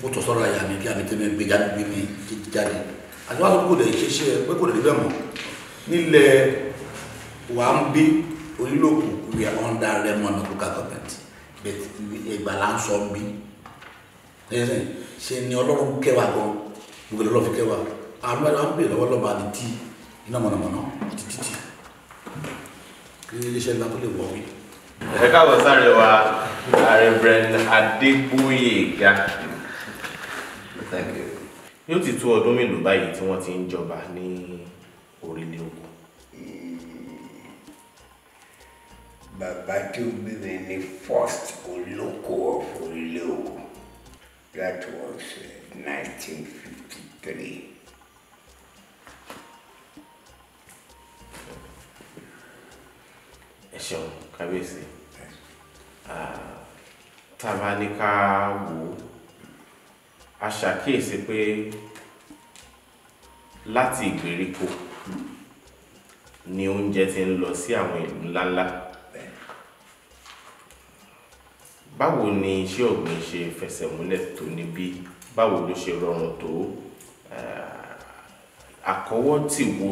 kó tọ̀ sọ́ra ìyá mi kí àmì tẹ́lẹ̀ gbé jáde gbé mi jáde àti wàá tó kó lè ṣe ṣe pé kó lè rí bẹ́ẹ̀ mọ̀ nílẹ̀ wàá ń bí onílòkù we are under Lemon local government but Ẹ̀gbá là ń sọ bí ṣe ni ọlọ́run kẹwàá gan gbogbo ọlọ́run fi kẹwàá àwọn ẹ̀rọ ń bè lọ́wọ́ lọ́ba ní tí iná mọ̀nàmọ́ná ti títì iléeṣẹ́ ńlá tó lè wọ̀ wí. ẹ káàbọ̀ sáré wa Reverend Adégbóyèga yóò ti tó ọdún mélòó báyìí tí wọ́n ti ń jọba ní orílẹ̀ òkú. bàbá tí ó bí ní first olóko ọ̀fọ̀ ilé o that was uh, nineteen fifty three. ẹ ṣeun kábíyèsí tá a bá ní ká wò ó a ṣàkíyèsí pé láti ìgbèríko ni oúnjẹ ti ń lọ sí àwọn ìlú ńláńlá. Ńlá báwo ni iṣẹ́ ọ̀gbìn ṣe fẹsẹ̀ múlẹ̀ tó níbí báwo ló ṣe rọrùn tó àkọ́wọ́tì wo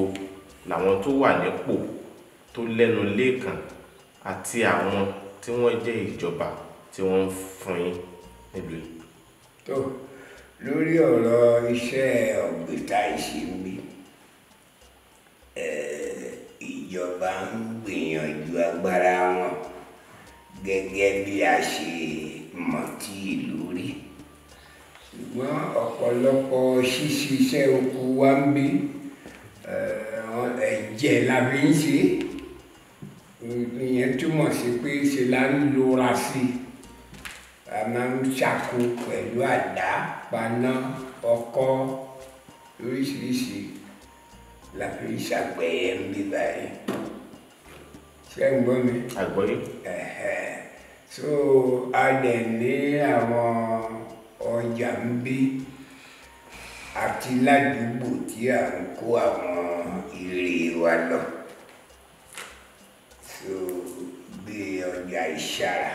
làwọn tó wà nípò tó lẹ́nu lẹ́ẹ̀kan àti àwọn tí wọ́n jẹ́ ìjọba tí wọ́n ń fún yín nílùú yìí. tó lórí ọ̀rọ̀ iṣẹ́ ọ̀gbìn tá ìjọba ń gbìyànjú agbára wọn gẹ́gẹ́ bí a ṣe mọ̀ tí ìlú rí ṣùgbọ́n ọ̀pọ̀lọpọ̀ ṣíṣe iṣẹ́ oko wa ń bí eh, ẹ̀jẹ̀ la fi ń ṣe ìyẹn túmọ̀ sí pé ṣe la ń lora sí a máa ń ṣàkó pẹ̀lú àdá paná ọkọ́ lóríṣiríṣi la fi ń ṣàgbẹ̀yẹ ń bí báyìí ṣé ń gbọ́ mi. àgbọ́yé. so a dẹ̀ ní àwọn ọjà ń bí àti ládùúgbò tí à ń kó àwọn èrè wa lọ so bí ọjà ìṣara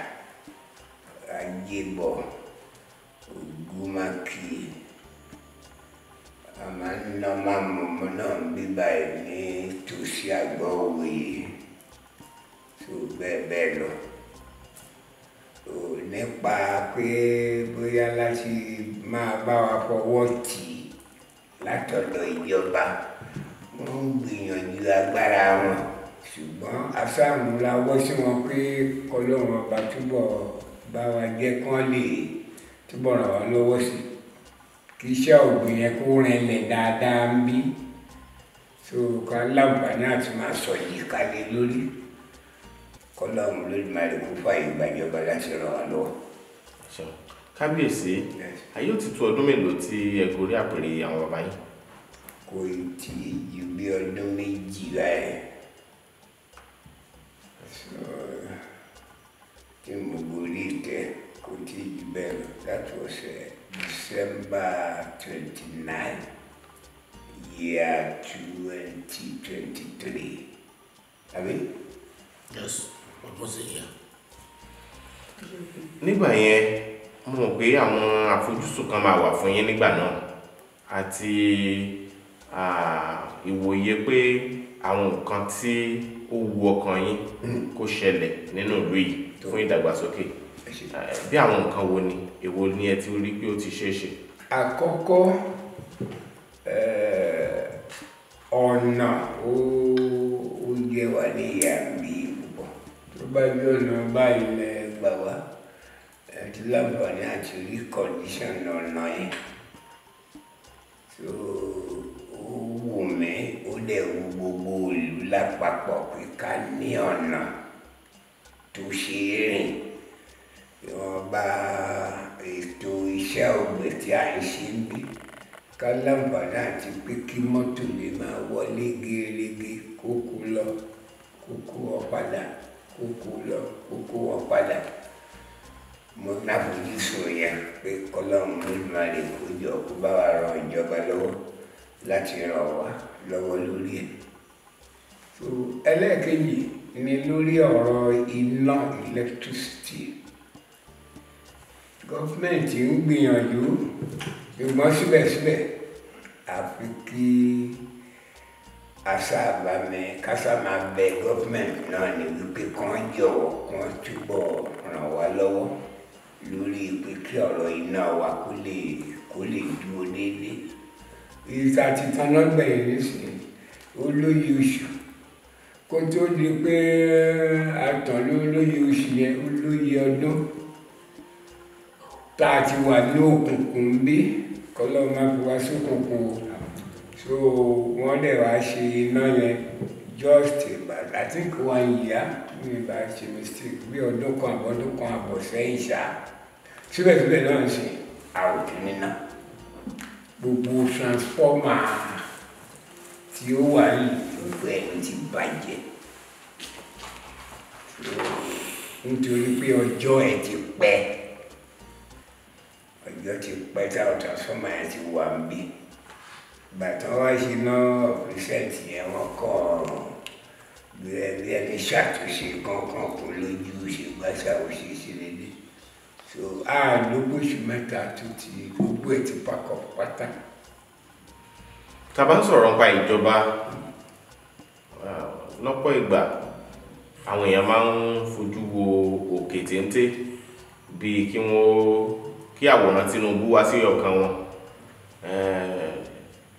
ajébọ ògùnmákì àmà ń nọ máa mọ̀mọ́ náà bíbá ẹ̀ ní tòsí àgbọ̀ yìí tó bẹ́ẹ̀ bẹ́ẹ̀ lọ nípa pé bóyá láti máa bá wa fọwọ́ tì í látọ̀dọ̀ ìjọba wọ́n ń gbìyànjú agbára wọn ṣùgbọ́n asáàmù la wọ́ sí wọn pé kọlọ́run ọba túbọ̀ bá wa jẹ́ kán lè túbọ̀ ràn wá lọ́wọ́ sí kí iṣẹ́ ọ̀gbìn yẹn kó rinlẹ̀ dáadáa ń bí so ká láǹfààní àti máa sọ yìí kalẹ̀ lórí kọ́lọ́run Olódùmarè kó fààyè gbàjọba láti ràn wá lọ́wọ́. kábíyèsí ayé ó ti tó ọdún mélòó tí ẹ gorí àpèrè àwọn bàbá yín. kò tí ì ju bí ọdún méjìlá ẹ̀ tí mo gorí ìtẹ́ kò tí ì ju bẹ́ẹ̀ lọ láti ọ̀sẹ̀ eh, December twenty nine year twenty twenty three. I yes ọ̀túnṣe yà nígbà yẹn mo mọ̀ pé àwọn àfojúsùn kan máa wà fún yín nígbà náà àti ìwòye pé àwọn nǹkan tí ó wu ọkàn yín kó ṣẹlẹ̀ nínú ìlú yìí fún ìdàgbàsókè bí àwọn nǹkan wo ni èwo ni ẹ ti rí pé ó ti ṣeé ṣe. àkọ́kọ́ ọ̀nà ó yẹ wà ní yàrá gbájú ọ̀nà báyìí lẹ gbà wá ẹ ti láǹfààní àti rí kọ̀ǹdíṣàn ọ̀nà yẹn tó ó wù mí ó dẹ̀ wù gbogbo ìlú lápapọ̀ pé ká ní ọ̀nà tó ṣe é rìn ìwọ̀nba ètò iṣẹ́ ọ̀gbìn tí a ń ṣe ń bí ká láǹfààní àti pé kí mọ́tò lè máa wọlé gerege kókó lọ kókó ọ̀padà kó kó lọ kó kó wọn padà mo láfojúsùn yẹn pé kọlọ́run nínú àlè kó jọ kó bá wa ran ìjọba lọ́wọ́ láti ràn wá lọ́wọ́ lórí ẹ̀. so ẹlẹ́ẹ̀kejì ni lórí ọ̀rọ̀ iná electricity gọ́fìmẹ̀ntì ń gbìyànjú ṣùgbọ́n síbẹ̀síbẹ̀ àfi kí aṣáàbàmì kásámà bẹ gọ́fìmẹ̀ntì náà ní wípé kán jọ̀wọ́ kán túbọ̀ ràn wá lọ́wọ́ lórí pé kí ọ̀rọ̀ iná wa kó lè kó lè dúró déédéé. ìta títan lọ́gbẹ̀ẹ́ yìí sì olóyè oṣù kó tó di pé àtàn eh, lólóyè oṣù yẹn olóyè ọdún tá a ti wà ní òkùnkùn bí kọ́lọ́ máa fi wá sókùnkùn o so wọ́n dẹ̀ wá ṣe iná yẹn just about I think one year mi bá ṣe mistake bí ọdún kan àbọ̀ ọdún kan àbọ̀ sẹ́yìn ṣá síbẹ̀síbẹ̀ náà ń sìn àwòdì nínà gbogbo transformer tí ó wà yìí gbogbo ẹni ti bàjẹ́ nítorí pé ọjọ́ ẹ̀ ti pẹ́ ọjọ́ ti pẹ́ táwọn transformer yẹn ti wà ń bí bàtà wá síná rìsẹ́ǹtì yẹn wọ́n kọ́ bí ẹni ṣàtúnṣe kankan kò lójú ṣe gbàṣà òṣìṣẹ́ lélẹ̀ so àádógún oṣù mẹ́ta tó ti gbogbo ẹ̀ ti pakọ̀ pátá. tàbá ń sọ̀rọ̀ nípa ìjọba lọ́pọ̀ ìgbà àwọn èèyàn máa ń fojú wo òkè téńté bíi kí wọ́n kí àwòrán Tinubu wá sí ọkàn wọn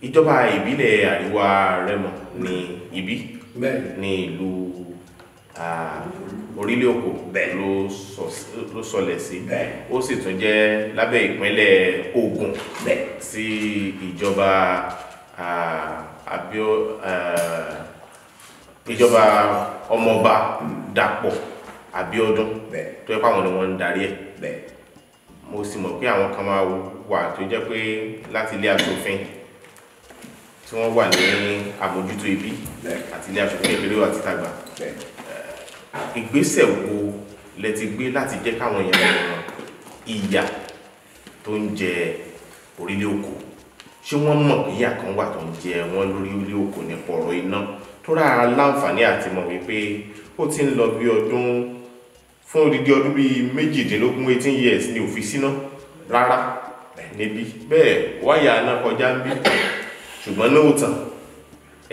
ìjọba ìbílẹ̀ àríwá rẹ́mọ ní ibí ní ìlú orílẹ̀ òkò ló sọlẹ̀ sí ó sì tún jẹ́ lábẹ́ ìpínlẹ̀ Ògùn sí ìjọba ìjọba ọmọọba Dàpọ̀ Abíọ́dún tó yẹ pàwọn ni wọ́n ń darí ẹ̀ mo sì mọ̀ pé àwọn kan máa wà tó jẹ́ pé láti ilé aṣòfin tí wọ́n wà ní àmójútó ibi eh, àti ilé aṣòfin ìpínlẹ̀ àti tàgbà eh, ìgbésẹ̀ wo lẹ ti gbé láti jẹ́ káwọn èèyàn mọ ìyà tó ń jẹ orílẹ̀ òkò ṣé wọ́n mọ̀ pé ìyà kan wà tó ń jẹ wọ́n lórí orílẹ̀ òkò nípa ọ̀rọ̀ iná tó rà láǹfààní àti mọ̀ wípé ó ti ń lọ bí ọdún fún odidi ọdún bíi méjìdínlógún eighteen years ni òfin síná rárá eh, níbi bẹ́ẹ̀ wáyà náà kọjá ń bí ṣùgbọ́n lóòótọ́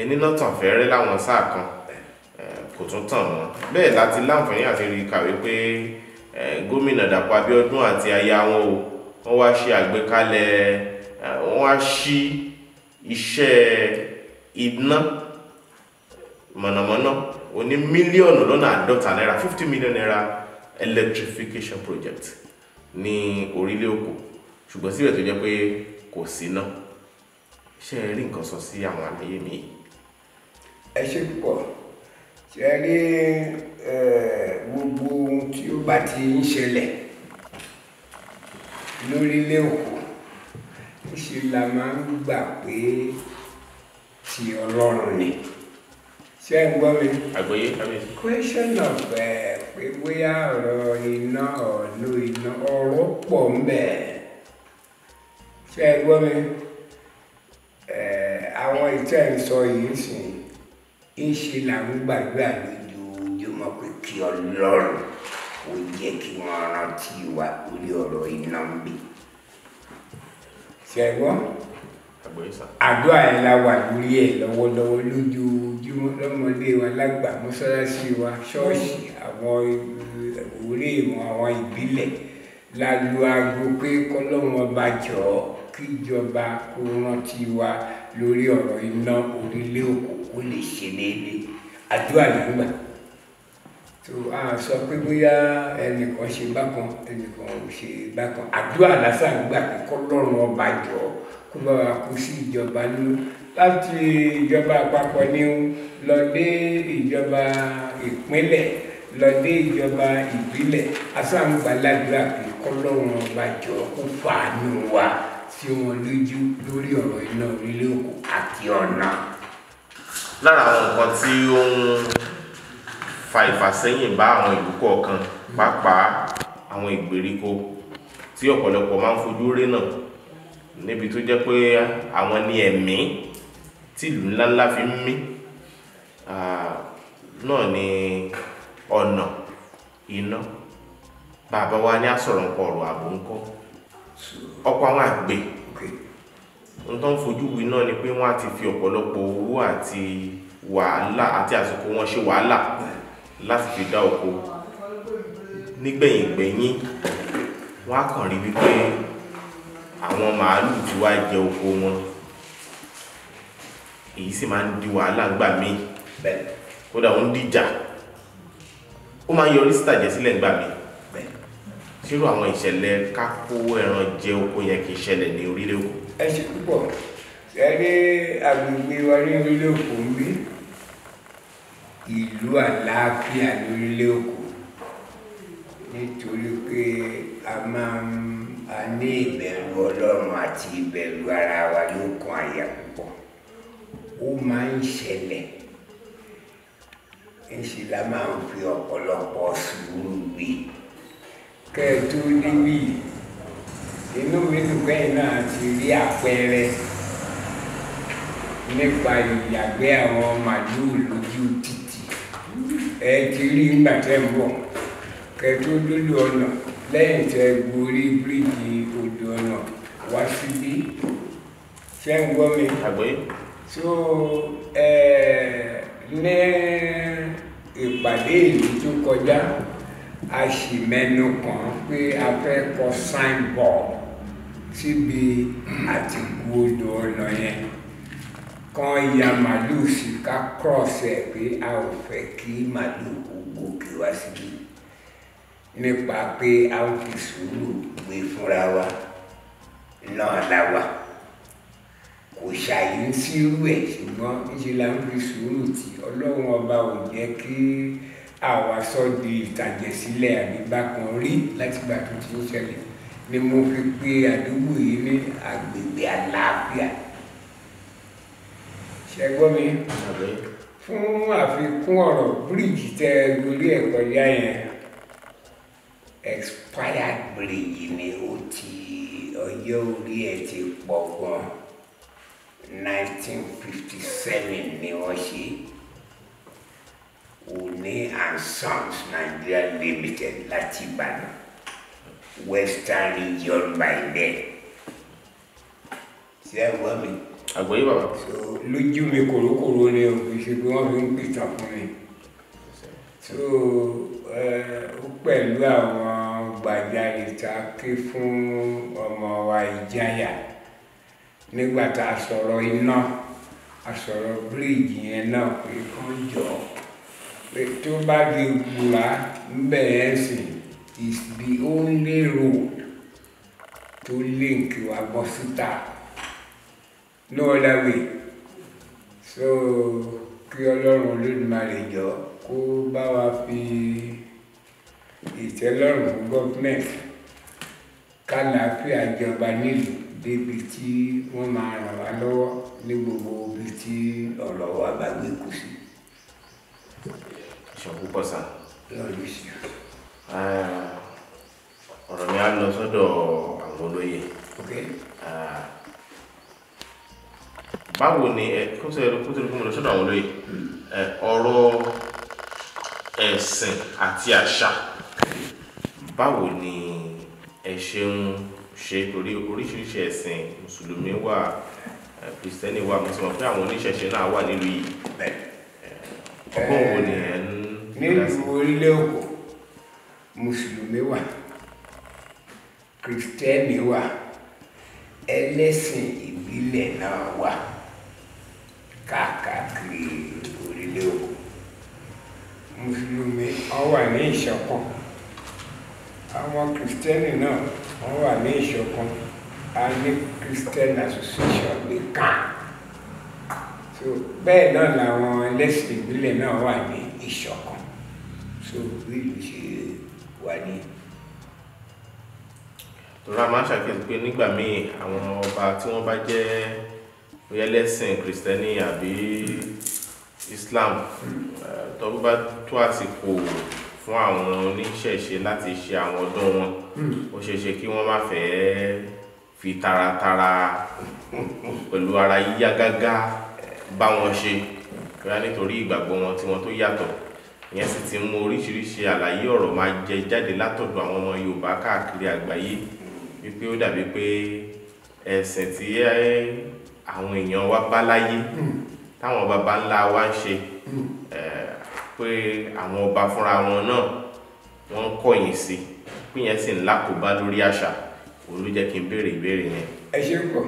ẹni náà tàn fẹ́rẹ́ láwọn sáà kan kò tún tàn wọ́n bẹ́ẹ̀ láti láǹfààní àti rí kàwé pé gómìnà Dàpọ̀ Abíọ́dún àti aya wọn o wọ́n wá ṣe àgbékalẹ̀ wọ́n wá ṣí iṣẹ́ iná mọ̀nàmọ́ná oní mílíọ̀nù lọ́nà àádọ́ta náírà fifty million naira electrification project ní orílẹ̀ òkò ṣùgbọ́n síbẹ̀ tó jẹ́ pé kò sí náà ṣé ẹ rí nǹkan sọ sí àwọn àlàyé mi yìí. ẹ ṣe púpọ̀ ṣe rí gbogbo ohun tí ó bá ti ń ṣẹlẹ̀ lórílẹ̀ òkú ṣe la máa ń gbà pé ti ọlọ́run ni ṣé ń gbọ́ mi. àgbọ́yé kábíyèsí. question of pé bóyá ọ̀rọ̀ iná ọ̀lú iná ọ̀rọ̀ pọ̀ ń bẹ̀ ṣé ń gbọ́ mi. Eh, àwọn ìtẹ́ ń sọ yìí sìn ń ṣe làwọn gbàgbé àlejò ojúmọ́ pé kí ọlọ́run ó jẹ́ kí wọ́n rántí wa lórí ọ̀rọ̀ iná ń bì. ṣẹ́gbọ́n àdúrà yẹn la wà lórí ẹ̀ lọ́wọ́lọ́wọ́ lójoojúmọ́ lọ́mọdé wa lágbà mọ́ṣáláṣí wa ṣọ́ọ̀ṣì àwọn orí ìmọ̀ àwọn ìbílẹ̀ la lu aago pé kọ́lọ́mọba jọ̀ọ́ kíjọba kó rántí wa lórí ọ̀rọ̀ iná orílẹ̀ òkú kó lè ṣe déédéé àdúrà nígbà tó a sọ pé bóyá ẹnìkan ṣe bákan ẹnìkan ò ṣe bákan àdúrà lásán gbà pé kọ́lọ́run ọba jọ kó bá wa kó sí ìjọba ní láti ìjọba àpapọ̀ ní lọ dé ìjọba ìpínlẹ̀ lọ dé ìjọba ìbílẹ̀ asáǹgbàládùúrà pé kọ́lọ́run ọba jọ kó fàánú wa tí wọ́n lójú lórí ọ̀rọ̀ iná onílé òkú àti ọ̀nà. lára àwọn nǹkan tí ó ń fa ìfàsẹ́yìn bá àwọn ìlú kọ̀ọ̀kan pàápàá àwọn ìgbèríko tí ọ̀pọ̀lọpọ̀ máa ń fojú rí náà níbi tó jẹ́ pé àwọn ní ẹ̀mí tí ìlú ńláńlá fi ń mí náà ni ọ̀nà iná bàbá wa ní àsọ̀rọ̀ nǹkan ọ̀rọ̀ ààbò ńkọ́ ọ̀pọ̀ àwọn àgbẹ̀ ohun tó ń fojú wí náà ni pé wọ́n á ti fi ọ̀pọ̀lọpọ̀ owó àti wàhálà àti àsìkò wọn ṣe wàhálà láti fi dá oko nígbẹ̀yìn gbẹ̀yìn wọ́n á kàn rí wípé àwọn màálù ti wá jẹ oko wọn èyí sì máa ń di wàhálà gbà mí kódà ó ń dìjà ó máa ń yọrí sí tàjẹ̀sílẹ̀ gbà mí ṣírò àwọn ìṣẹ̀lẹ̀ ká kó ẹran jẹ oko yẹn kì í ṣẹlẹ̀ ní orílẹ̀ òkú. ẹ ṣe púpọ̀ ẹni agbègbè wa ní orílẹ̀ òkú ń bí ìlú àlàáfíà lórílẹ̀ òkú nítorí pé a máa ń a ní ìbẹ̀rù ọlọ́run àti ìbẹ̀rù ara wa ló kan àyà púpọ̀ ó máa ń ṣẹlẹ̀ ń ṣe la máa ń fi ọ̀pọ̀lọpọ̀ sùúrù gbé kẹ́ ẹ tó níbí inú mi dùn kẹ́yìn náà ti rí àpẹẹrẹ nípa ìyàgbẹ́ àwọn màlúù lójú títì ẹ ti rí nígbà tẹ́ ń bọ̀ kẹ́ tó lójú ọ̀nà lẹ́yìn tẹ́ gborí bíríìjì odò ọ̀nà wá síbí ṣé ń gbọ́ mi. àgbẹ̀. so ní ìpàdé ìlú tó kọjá a sì mẹ́nu kàn pé a fẹ́ kọ signboard síbi àtìkú odò ọ̀nà yẹn kan ya màlúù sí ká cross ẹ̀ pé a ò fẹ́ kí màlúù kó gòkè wá síbi nípa pé a ó fi sùúrù gbé fúnra wa náà la wà kò ṣàyín sí irú ẹ̀ ṣùgbọ́n ńṣe la ń fi sùúrù tì ọlọ́run ọba ò jẹ́ kí àwa sọ di ìtàjẹ̀sílẹ̀ àgbègbà kan rí látìgbà tó ti ṣẹlẹ̀ ni mo fi pe àdúgbò yìí ní agbègbè àlàáfíà ṣẹgbọ́n mi fún àfikún ọ̀rọ̀ bíríìjì tẹ lórí ẹ̀kọ́ yá yẹn expired bíríìjì ni ó ti ọjọ́ orí ẹ̀ ti pọ̀ gan-an ni wọ́n ṣe Oni and Sons Nigeria Limited láti Ìbàdàn Western Region by then. Ṣé ẹ wọ́n mi? Àgbọ̀yé bàbá. Lójú mi kòrókòró ni o, ìṣègùn wọn fi ń pìtàn fún mi. So ó pẹ̀lú àwọn gbàjarè tá a ké fún ọmọ wa Ìjáyà nígbà tá a sọ̀rọ̀ iná, a sọ̀rọ̀ bíríìjì yẹn náà pé kán jọ tó bá di òpùrá ńbẹ̀rẹ̀ is the only road to link to bọ́ síta no other way so kí ọlọ́run olódùmarè jọ kó bá wa fi ìtẹ́lọ́rùn fún gọ́ọ̀mẹ̀ntì kálàáfíà jọba nílùú débi tí wọ́n máa ràn wá lọ́wọ́ ní gbogbo ibi tí ọ̀rọ̀ wa bá gbé kù sí ṣọ̀kúpọ sá. ọ̀rọ̀ mi á lọ sọ́dọ̀ àwọn olóyè. báwo ni ẹ kó tó yẹ kó tó yẹ kó mo lọ sọ́dọ̀ àwọn olóyè ọ̀rọ̀ ẹ̀sìn àti àṣà báwo ni ẹ ṣe ń ṣe torí oríṣiríṣi ẹ̀sìn mùsùlùmí wà kìrìsìtẹ́nì wà mo sì mọ̀ pé àwọn oníṣẹ̀ṣe náà wà nílùú yìí nílùú orílẹ̀ òkò mùsùlùmí wà kìrìtẹ́nì wà ẹlẹ́sìn ìbílẹ̀ náà wà káàkiri orílẹ̀ òkò mùsùlùmí wọ́n wà ní ìṣọ̀kan àwọn kìrìtẹ́nì náà wọ́n wà ní ìṣọ̀kan a ní christian association ní kan so bẹ́ẹ̀ náà làwọn ẹlẹ́sìn ìbílẹ̀ náà wà ní ìṣọ̀kan so bí ìlú ṣe wà ní. rọra máa ń ṣàkíyèsí pé nígbà míì àwọn ọba tí wọ́n bá jẹ́ ẹlẹ́sìn kìrìsìtẹ́nì àbí Islam eh, tọ́lú bá tó àsìkò fún àwọn oníṣẹ̀ṣe láti ṣe àwọn ọdún wọn ó ṣeéṣe kí wọ́n má fẹ́ẹ́ fi taratara pẹ̀lú ara yíyá gágá eh, bá wọn ṣe bóyá nítorí ìgbàgbọ́ wọn tí wọ́n tó yàtọ̀ ìyẹn sì ti mú oríṣiríṣi àlàyé ọ̀rọ̀ máa jẹ jáde látọ̀dọ̀ àwọn ọmọ Yorùbá káàkiri àgbáyé wípé ó dàbí pé ẹ̀sìn tí àwọn èèyàn wa bá láyé táwọn baba ńlá wa ń ṣe pé àwọn ọba fúnra wọn náà wọ́n ń kọ̀yìn sí pínyẹn sì ń lákòóbá lórí àṣà òun kí n béèrè ìbéèrè yẹn. ẹ ṣe pọ̀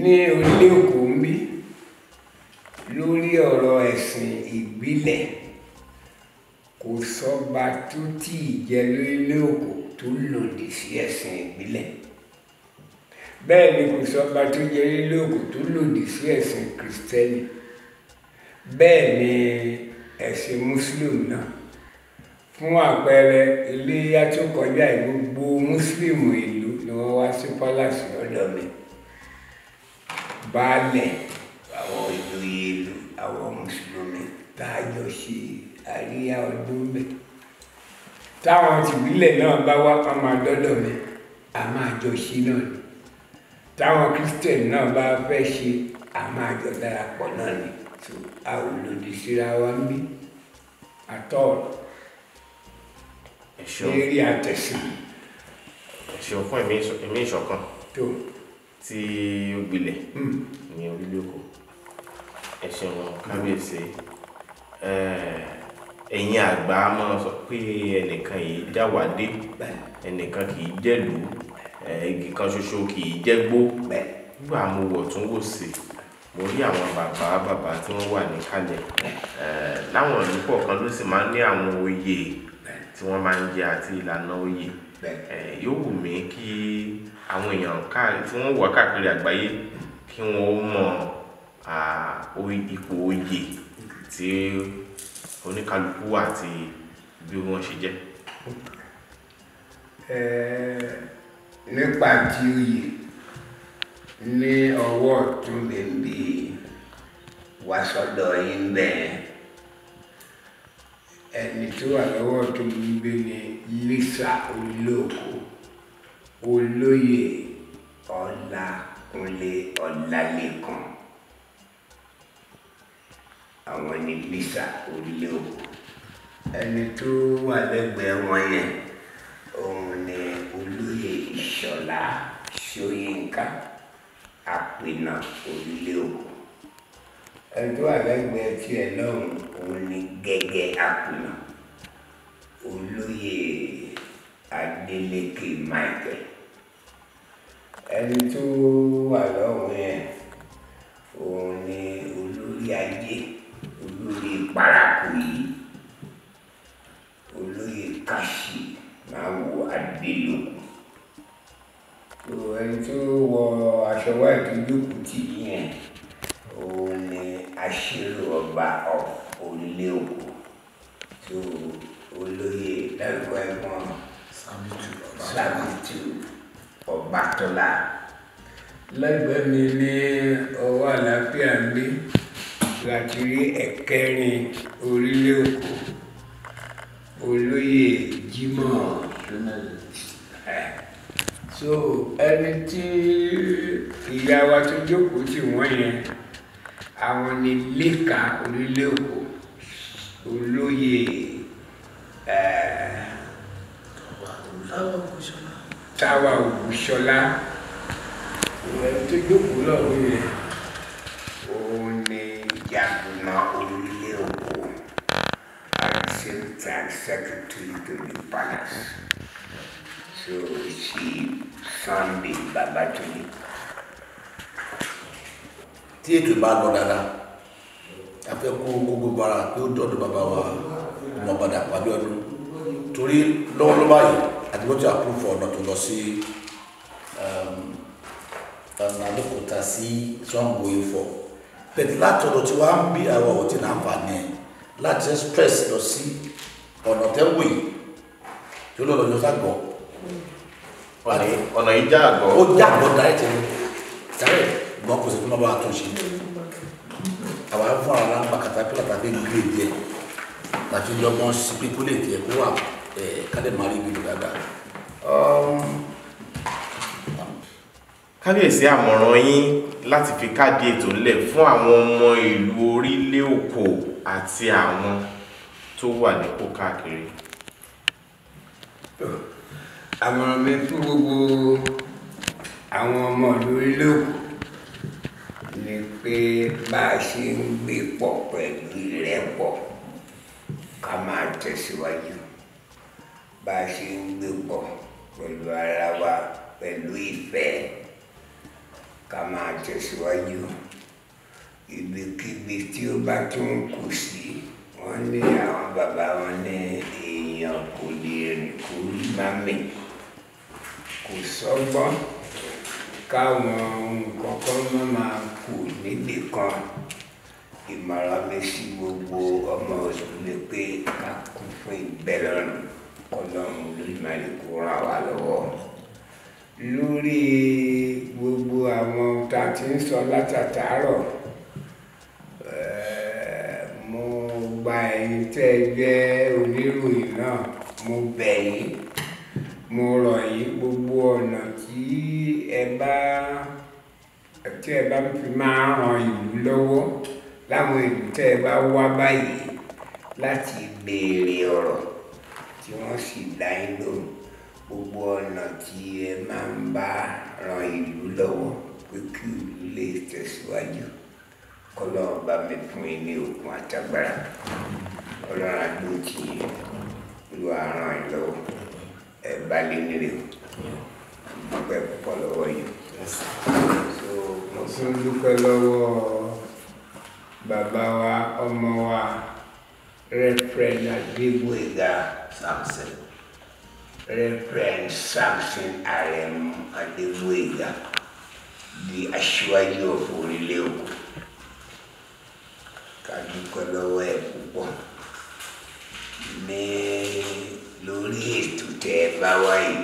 ní orílẹ̀ èkó ń bí lórí ọ̀rọ̀ ẹ̀sìn ìbílẹ̀ kò sọ́ba tó tí ì jẹ lórílẹ̀ òkò tó lòdì sí ẹ̀sìn ìbílẹ̀ bẹ́ẹ̀ ni kò sọ́ba tó jẹ lórílẹ̀ òkò tó lòdì sí ẹ̀sìn kìrìsìtẹ́nì bẹ́ẹ̀ ni ẹ̀sìn mùsùlùmí náà fún àpẹẹrẹ iléyà tó kọjá gbogbo mùsùlùmí ìlú ni wọ́n wá sí pálásì lọ́dọ̀ mi baálẹ̀ àwọn ìlú ìlú àwọn mùsùlùmí tá a jọ ṣe é àríyá ọdún bẹ̀ táwọn tìbílẹ̀ náà bá wá ọmọ àdọ́dọ̀ mi a máa jọ ṣe náà ni táwọn kírísítẹ̀nì náà bá fẹ́ ṣe a máa jọ darapọ̀ náà ni tó a ò lòdì síra wa ń bí àtọ́ eré àtẹ̀sán. ẹ̀sìn òkun ẹ̀mí ìṣọ̀kan tí ó gbilẹ̀ hmm. ní orílẹ̀ èkó ẹ̀sìn wọn hmm. kábíyèsí ẹ̀yin àgbà máa sọ pé ẹnìkan yìí jáwádé ẹnìkan kì í jẹ́lú igi kan ṣoṣo kì í jẹ́gbó nígbà mo wọ̀ tún wò sí mo rí àwọn bàbá bàbá tí wọ́n wà níkàlẹ̀ láwọn ìlú kọ̀ọ̀kan ló sì máa ń ní àwọn oyè tí wọ́n máa ń jẹ àti ìlànà oyè yóò wù mí kí àwọn èèyàn tí wọ́n wà káàkiri àgbáyé kí wọ́n mọ ipò oyè tí oníkálukú àti bí wọ́n ṣe jẹ́. nípa ti oyè ní ọwọ́ tún lè bí wá sọ́dọ̀ yín bẹ́ẹ̀ ẹni tó wà lọ́wọ́ tó ń gbé ni lisa olóko olóyè ọlá olè ní lisa orílẹ̀ òkú ẹni tó wà lẹ́gbẹ̀ẹ́ wọn yẹn òun ni olóyè ìṣọ̀lá ṣóyínká àpènà orílẹ̀ òkú ẹni tó wà lẹ́gbẹ̀ẹ́ tiẹ̀ lọ́hùn òun ni gẹ́gẹ́ àpènà olóyè adeleke michael ẹni tó wà lọ́hùn yẹn òun ni olórí ajé lórí paraku yìí olóyè káṣí máa wo àgbélòkù tó ẹni tó wọ aṣọ wáìtì lókù tì yẹn òun ni aṣèrò ọba òlé òkú tó olóyè lẹ́kọ̀ọ́ ẹ̀gbọ́n sábìtù ọba tọ́lá lẹ́gbẹ̀ẹ́ mi ní ọwọ́ àlàáfíà mi láti rí ẹ̀kẹrin orílẹ̀ èkó olóyè Jimoh so ẹni tí ìyá wa tó jókòó tì wọ́n yẹn àwọn ni lẹ́ka orílẹ̀ èkó olóyè táwa ògùṣọlá ìwẹ̀ tó jókòó lọ́rùn yẹn now only Leopold at the same time secretary to the palace. So she signed the Babatuni. tí ètò ìbá lọ dáadáa a fẹ́ kó gbogbo ara pé ó dọ̀dọ̀ bàbá wa ọmọ padà pàbí ọdún torí lọ́wọ́lọ́wọ́ báyìí àti wọ́n ti àpòfọ̀ ọ̀nà tó lọ sí um, ọ̀nà àlòkùtà sí ṣọ́ǹgbò ifọ̀ bẹ̀rẹ̀ látọ̀dọ̀ tí wàá ń bí àwọn ọ̀tí náà fà ní ẹ̀ láti express lọ sí ọ̀nà tẹ́wé yóò lọ́dọ̀ yóò sàgbọ́. ọ̀nà yìí já àgbọ̀. ó já àgbọ̀ dáì tẹ̀lé sáré ìgbọ́n kò sí fún ọba àtúnṣe. àwa fún ara ń pa katapila tàbí ìlú èdè ẹ̀ tàbí yọmọ sí pípólè tiẹ̀ kó wà kálẹ̀ máa rí ibi lò dáadáa. Um, kábíyèsí àmọ̀ràn yín láti fi káàdì ètò ńlẹ̀ fún àwọn ọmọ ìlú orílẹ̀ òkò àti àwọn tó wà nípò káàkiri. àmọ̀ràn mi fún gbogbo àwọn ọmọ ìlú orílẹ̀ òkò ni pé bá a ṣe ń gbé pọ̀ pẹ̀lú ìrẹ́pọ̀ ká máa tẹ̀síwájú bá a ṣe ń gbé pọ̀ pẹ̀lú ara wa pẹ̀lú ìfẹ́ ká máa tẹ̀síwájú ibikíbi tí ó bá tún kù sí wọ́n ní àwọn bàbá wọn ní èèyàn kò lè rìn kó mami kò sọ́gbọ́n káwọn nǹkan kan má máa kù níbì kan ìmọ̀ràn mi sí gbogbo ọmọ òṣèlú ni pé ká kún fún ìbẹ́lẹ̀ ọ̀nà ọlọ́run lórí màlẹ́kùn ràn wá lọ́wọ́ lórí gbogbo àwọn tá a ti ń sọ látàtàárọ̀ mo gba ẹ̀yin tẹ́ ẹ jẹ́ oníròyìn náà mo bẹ̀ yín mo rọ̀ yín gbogbo ọ̀nà tí ẹ bá tí ẹ bá fi máa ràn ìlú lọ́wọ́ láwọn ìlú tẹ́ ẹ bá wá báyìí láti béèrè ọ̀rọ̀ tí wọ́n sì dá yín lóhùn gbogbo ọ̀nà tí ẹ máa ń bá ran ìlú lọ́wọ́ pé kí ìlú lè tẹ̀síwájú kọ́lọ́ọ̀ bá mi fún yín ní okun àtàgbára ọlọ́run àdó tí olúwa ràn yín lọ́wọ́ ẹ bá lé nílé o dúpẹ́ púpọ̀ lọ́wọ́ yìí. mo tún dúpẹ́ lọ́wọ́ bàbá wa ọmọ wa rẹ́fẹ̀rẹ́ Adégbóyèga Samson. Reverend Samson Aremu Adegboyega, di aṣíwájú ọ̀fọ̀ orílẹ̀ òkú. Ká dúpẹ́ lọ́wọ́ ẹ̀ púpọ̀ ní lórí ètò tẹ́ ẹ bá wáyé.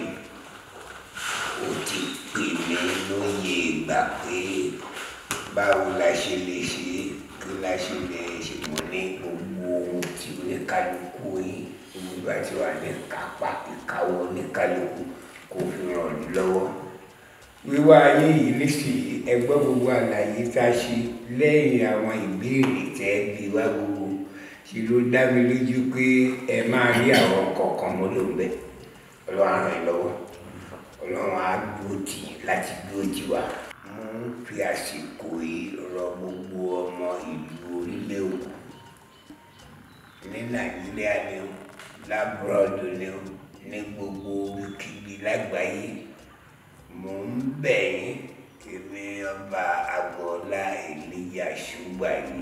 Ó ti pè mí lóye ìgbà pé báwo la ṣe lè ṣe kí la ṣe lè ṣe mọ̀ ní gbogbo ohun tí oníkálukú yìí olùgbà tí wà ní kápá ìkáwọ́ ní kálukú kò fi ràn yín lọ́wọ́ wíwá ayé yìí nísìnyí ẹgbẹ́ gbogbo àlàyé tá a ṣe lẹ́yìn àwọn ìbéèrè tẹ́ bí wá gbogbo ṣe ló dá mi lójú pé ẹ máa rí àwọn kọ̀ọ̀kan mọ́ ló ń bẹ̀ ọlọ́run ràn yín lọ́wọ́ ọlọ́run á dúró tì láti dúró tì wá mú fi àsìkò yìí rọ gbogbo ọmọ ìlú orílẹ̀ òkú ní nàìjíríà ni lábúrọ̀dù ni ó ní gbogbo ibikíbi lágbàáyé mò ń bẹ̀ yín èmi ọba àgbọ̀ọ́lá èlíyà ṣùgbàyí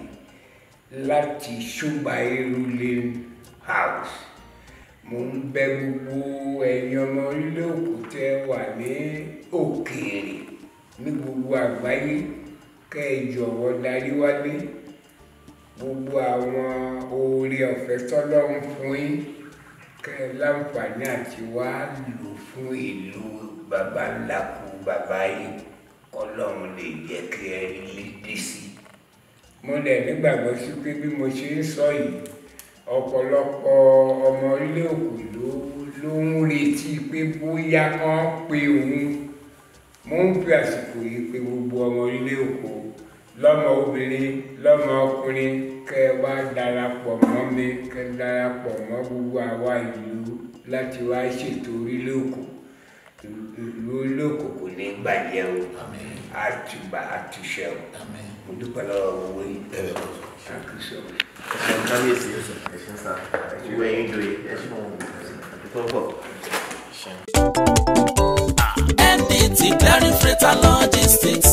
láti ṣùgbàyí ruling house mo ń bẹ gbogbo ẹ̀yin ọmọ orílẹ̀ òkú tẹ́ wà ní òkèèrè ní gbogbo àgbáyé kẹ́ ẹ jọ̀wọ́ darí wálé gbogbo àwọn oore ọ̀fẹ́ tọ́lọ́run fún yín kẹ́ ẹ láǹfààní àti wá lò fún ìlú baba ńlá kú baba yìí ọlọ́run lè jẹ́ kí ẹ lédè sí i. mo dẹ̀ nígbàgbọ́ sí pé bí mo ṣe ń sọ yìí ọ̀pọ̀lọpọ̀ ọmọ orílẹ̀ òkú ló ló ń retí pé bóyá wọ́n pe òun mo ń fi àsìkò yìí pé gbogbo ọmọ orílẹ̀ òkú lọ́mọ obìnrin lọ́mọ ọkùnrin kẹ wá darapọ̀ mọ́ mi kẹ darapọ̀ mọ́ gbogbo àwa ìlú láti wá ṣètò orílẹ̀ òkú ìlú orílẹ̀ òkú kò ní gbàjẹ́ o àtùbà àtúnṣe o mo dúpẹ́ lọ́wọ́ owó yìí àkùsọ. ẹ̀sìn kábíyèsí ẹ̀sìn sá ìwé ẹ̀yìn dòye ẹ̀sìn àdúgbò pọ̀. MDT Clearing Freighter Logistics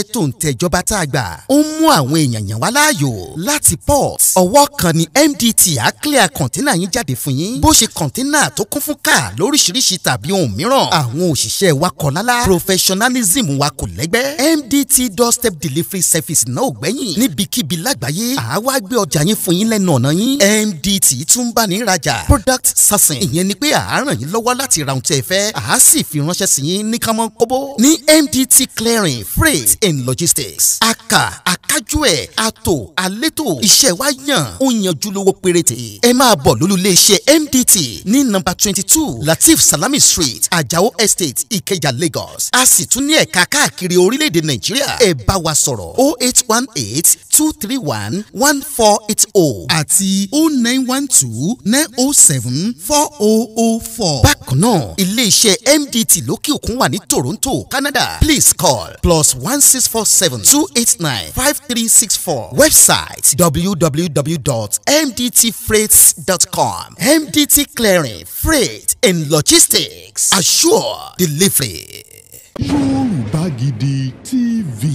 jẹ́ tó ń tẹ̀jọba tá a gbà ó ń mú àwọn èèyàn yàn wá láàyò láti port ọwọ́ kan ni MDT á clear yín jáde fún yín bó ṣe kọ̀ńténà tó kún fún káà lóríṣiríṣi tàbí ohun mìíràn àwọn òṣìṣẹ́ wa kọ̀ lálá professionalism wa kò lẹ́gbẹ́ MDT doorstep delivery service náà ò gbẹ́yìn níbikíbi lágbàáyé àwa gbé ọjà yín fún yín lẹ́nu ọ̀nà yín MDT tún bá ní ìrajà product sourcing ìyẹn ni pé à á ràn yín lọ́wọ́ láti ra ohun tẹ́ ẹ fẹ́ à á sì fi ránṣẹ́ sí yín ní kámọ́ kóbó ní MDT clearing freight and logistics aka akájú ẹ̀ ato alétò iṣẹ́ wa yàn ó yanjú lówó péréte ẹ máa bọ̀ lólùléeṣẹ́ MDT ní nọ́mbà twenty two Latif Salami Street Ajao Estate Ikeja, Lagos a sì tún ní ẹ̀ka káàkiri orílẹ̀-èdè Nàìjíríà ẹ bá wa sọ̀rọ̀ o oh eight one eight two three one one four eight O. Oh àti o oh nine one two nine o seven four o o four. bákan náà ilé iṣẹ́ MDT lókè òkun wà ní Toronto Canada please call plus one six. Six four seven two eight nine five three six four. Website www.mdtfreights.com. MDT Clearing, Freight and Logistics. Assure delivery. Yorùbá Gidi TV.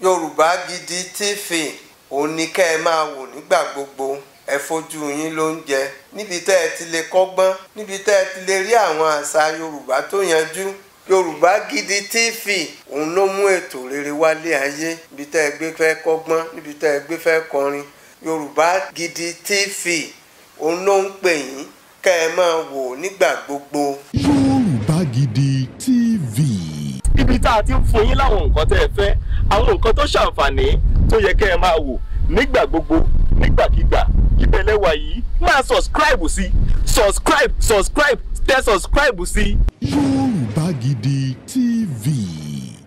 Yorùbá Gidi TV òun ni kẹ́ ẹ máa wò nígbà gbogbo ẹ fojú yín ló ń jẹ níbi tẹ́ ẹ ti lè kọ́gbọ́n níbi tẹ́ ẹ ti lè rí àwọn àṣà Yorùbá tó yanjú yorùbá gidi tv òun ló mú ètò rere wálé ayé ibi tá ẹ gbé fẹ́ kọ́gbọ́n níbi tá ẹ gbé fẹ́ kọrin yorùbá gidi tv òun ló ń pè yín kẹ́ ẹ máa wò nígbà gbogbo. yorùbá gidi tv. ibi tá a ti ń fún yín láwọn nǹkan tẹ́ ẹ fẹ́ àwọn nǹkan tó ṣàǹfààní tó yẹ kẹ́ ẹ máa wò nígbà gbogbo nígbàkigbà ìbẹ̀lẹ̀ yìí máa subscribe sí subscribe subscribe tẹ subscribe sí. Yorùbá Gidi TV.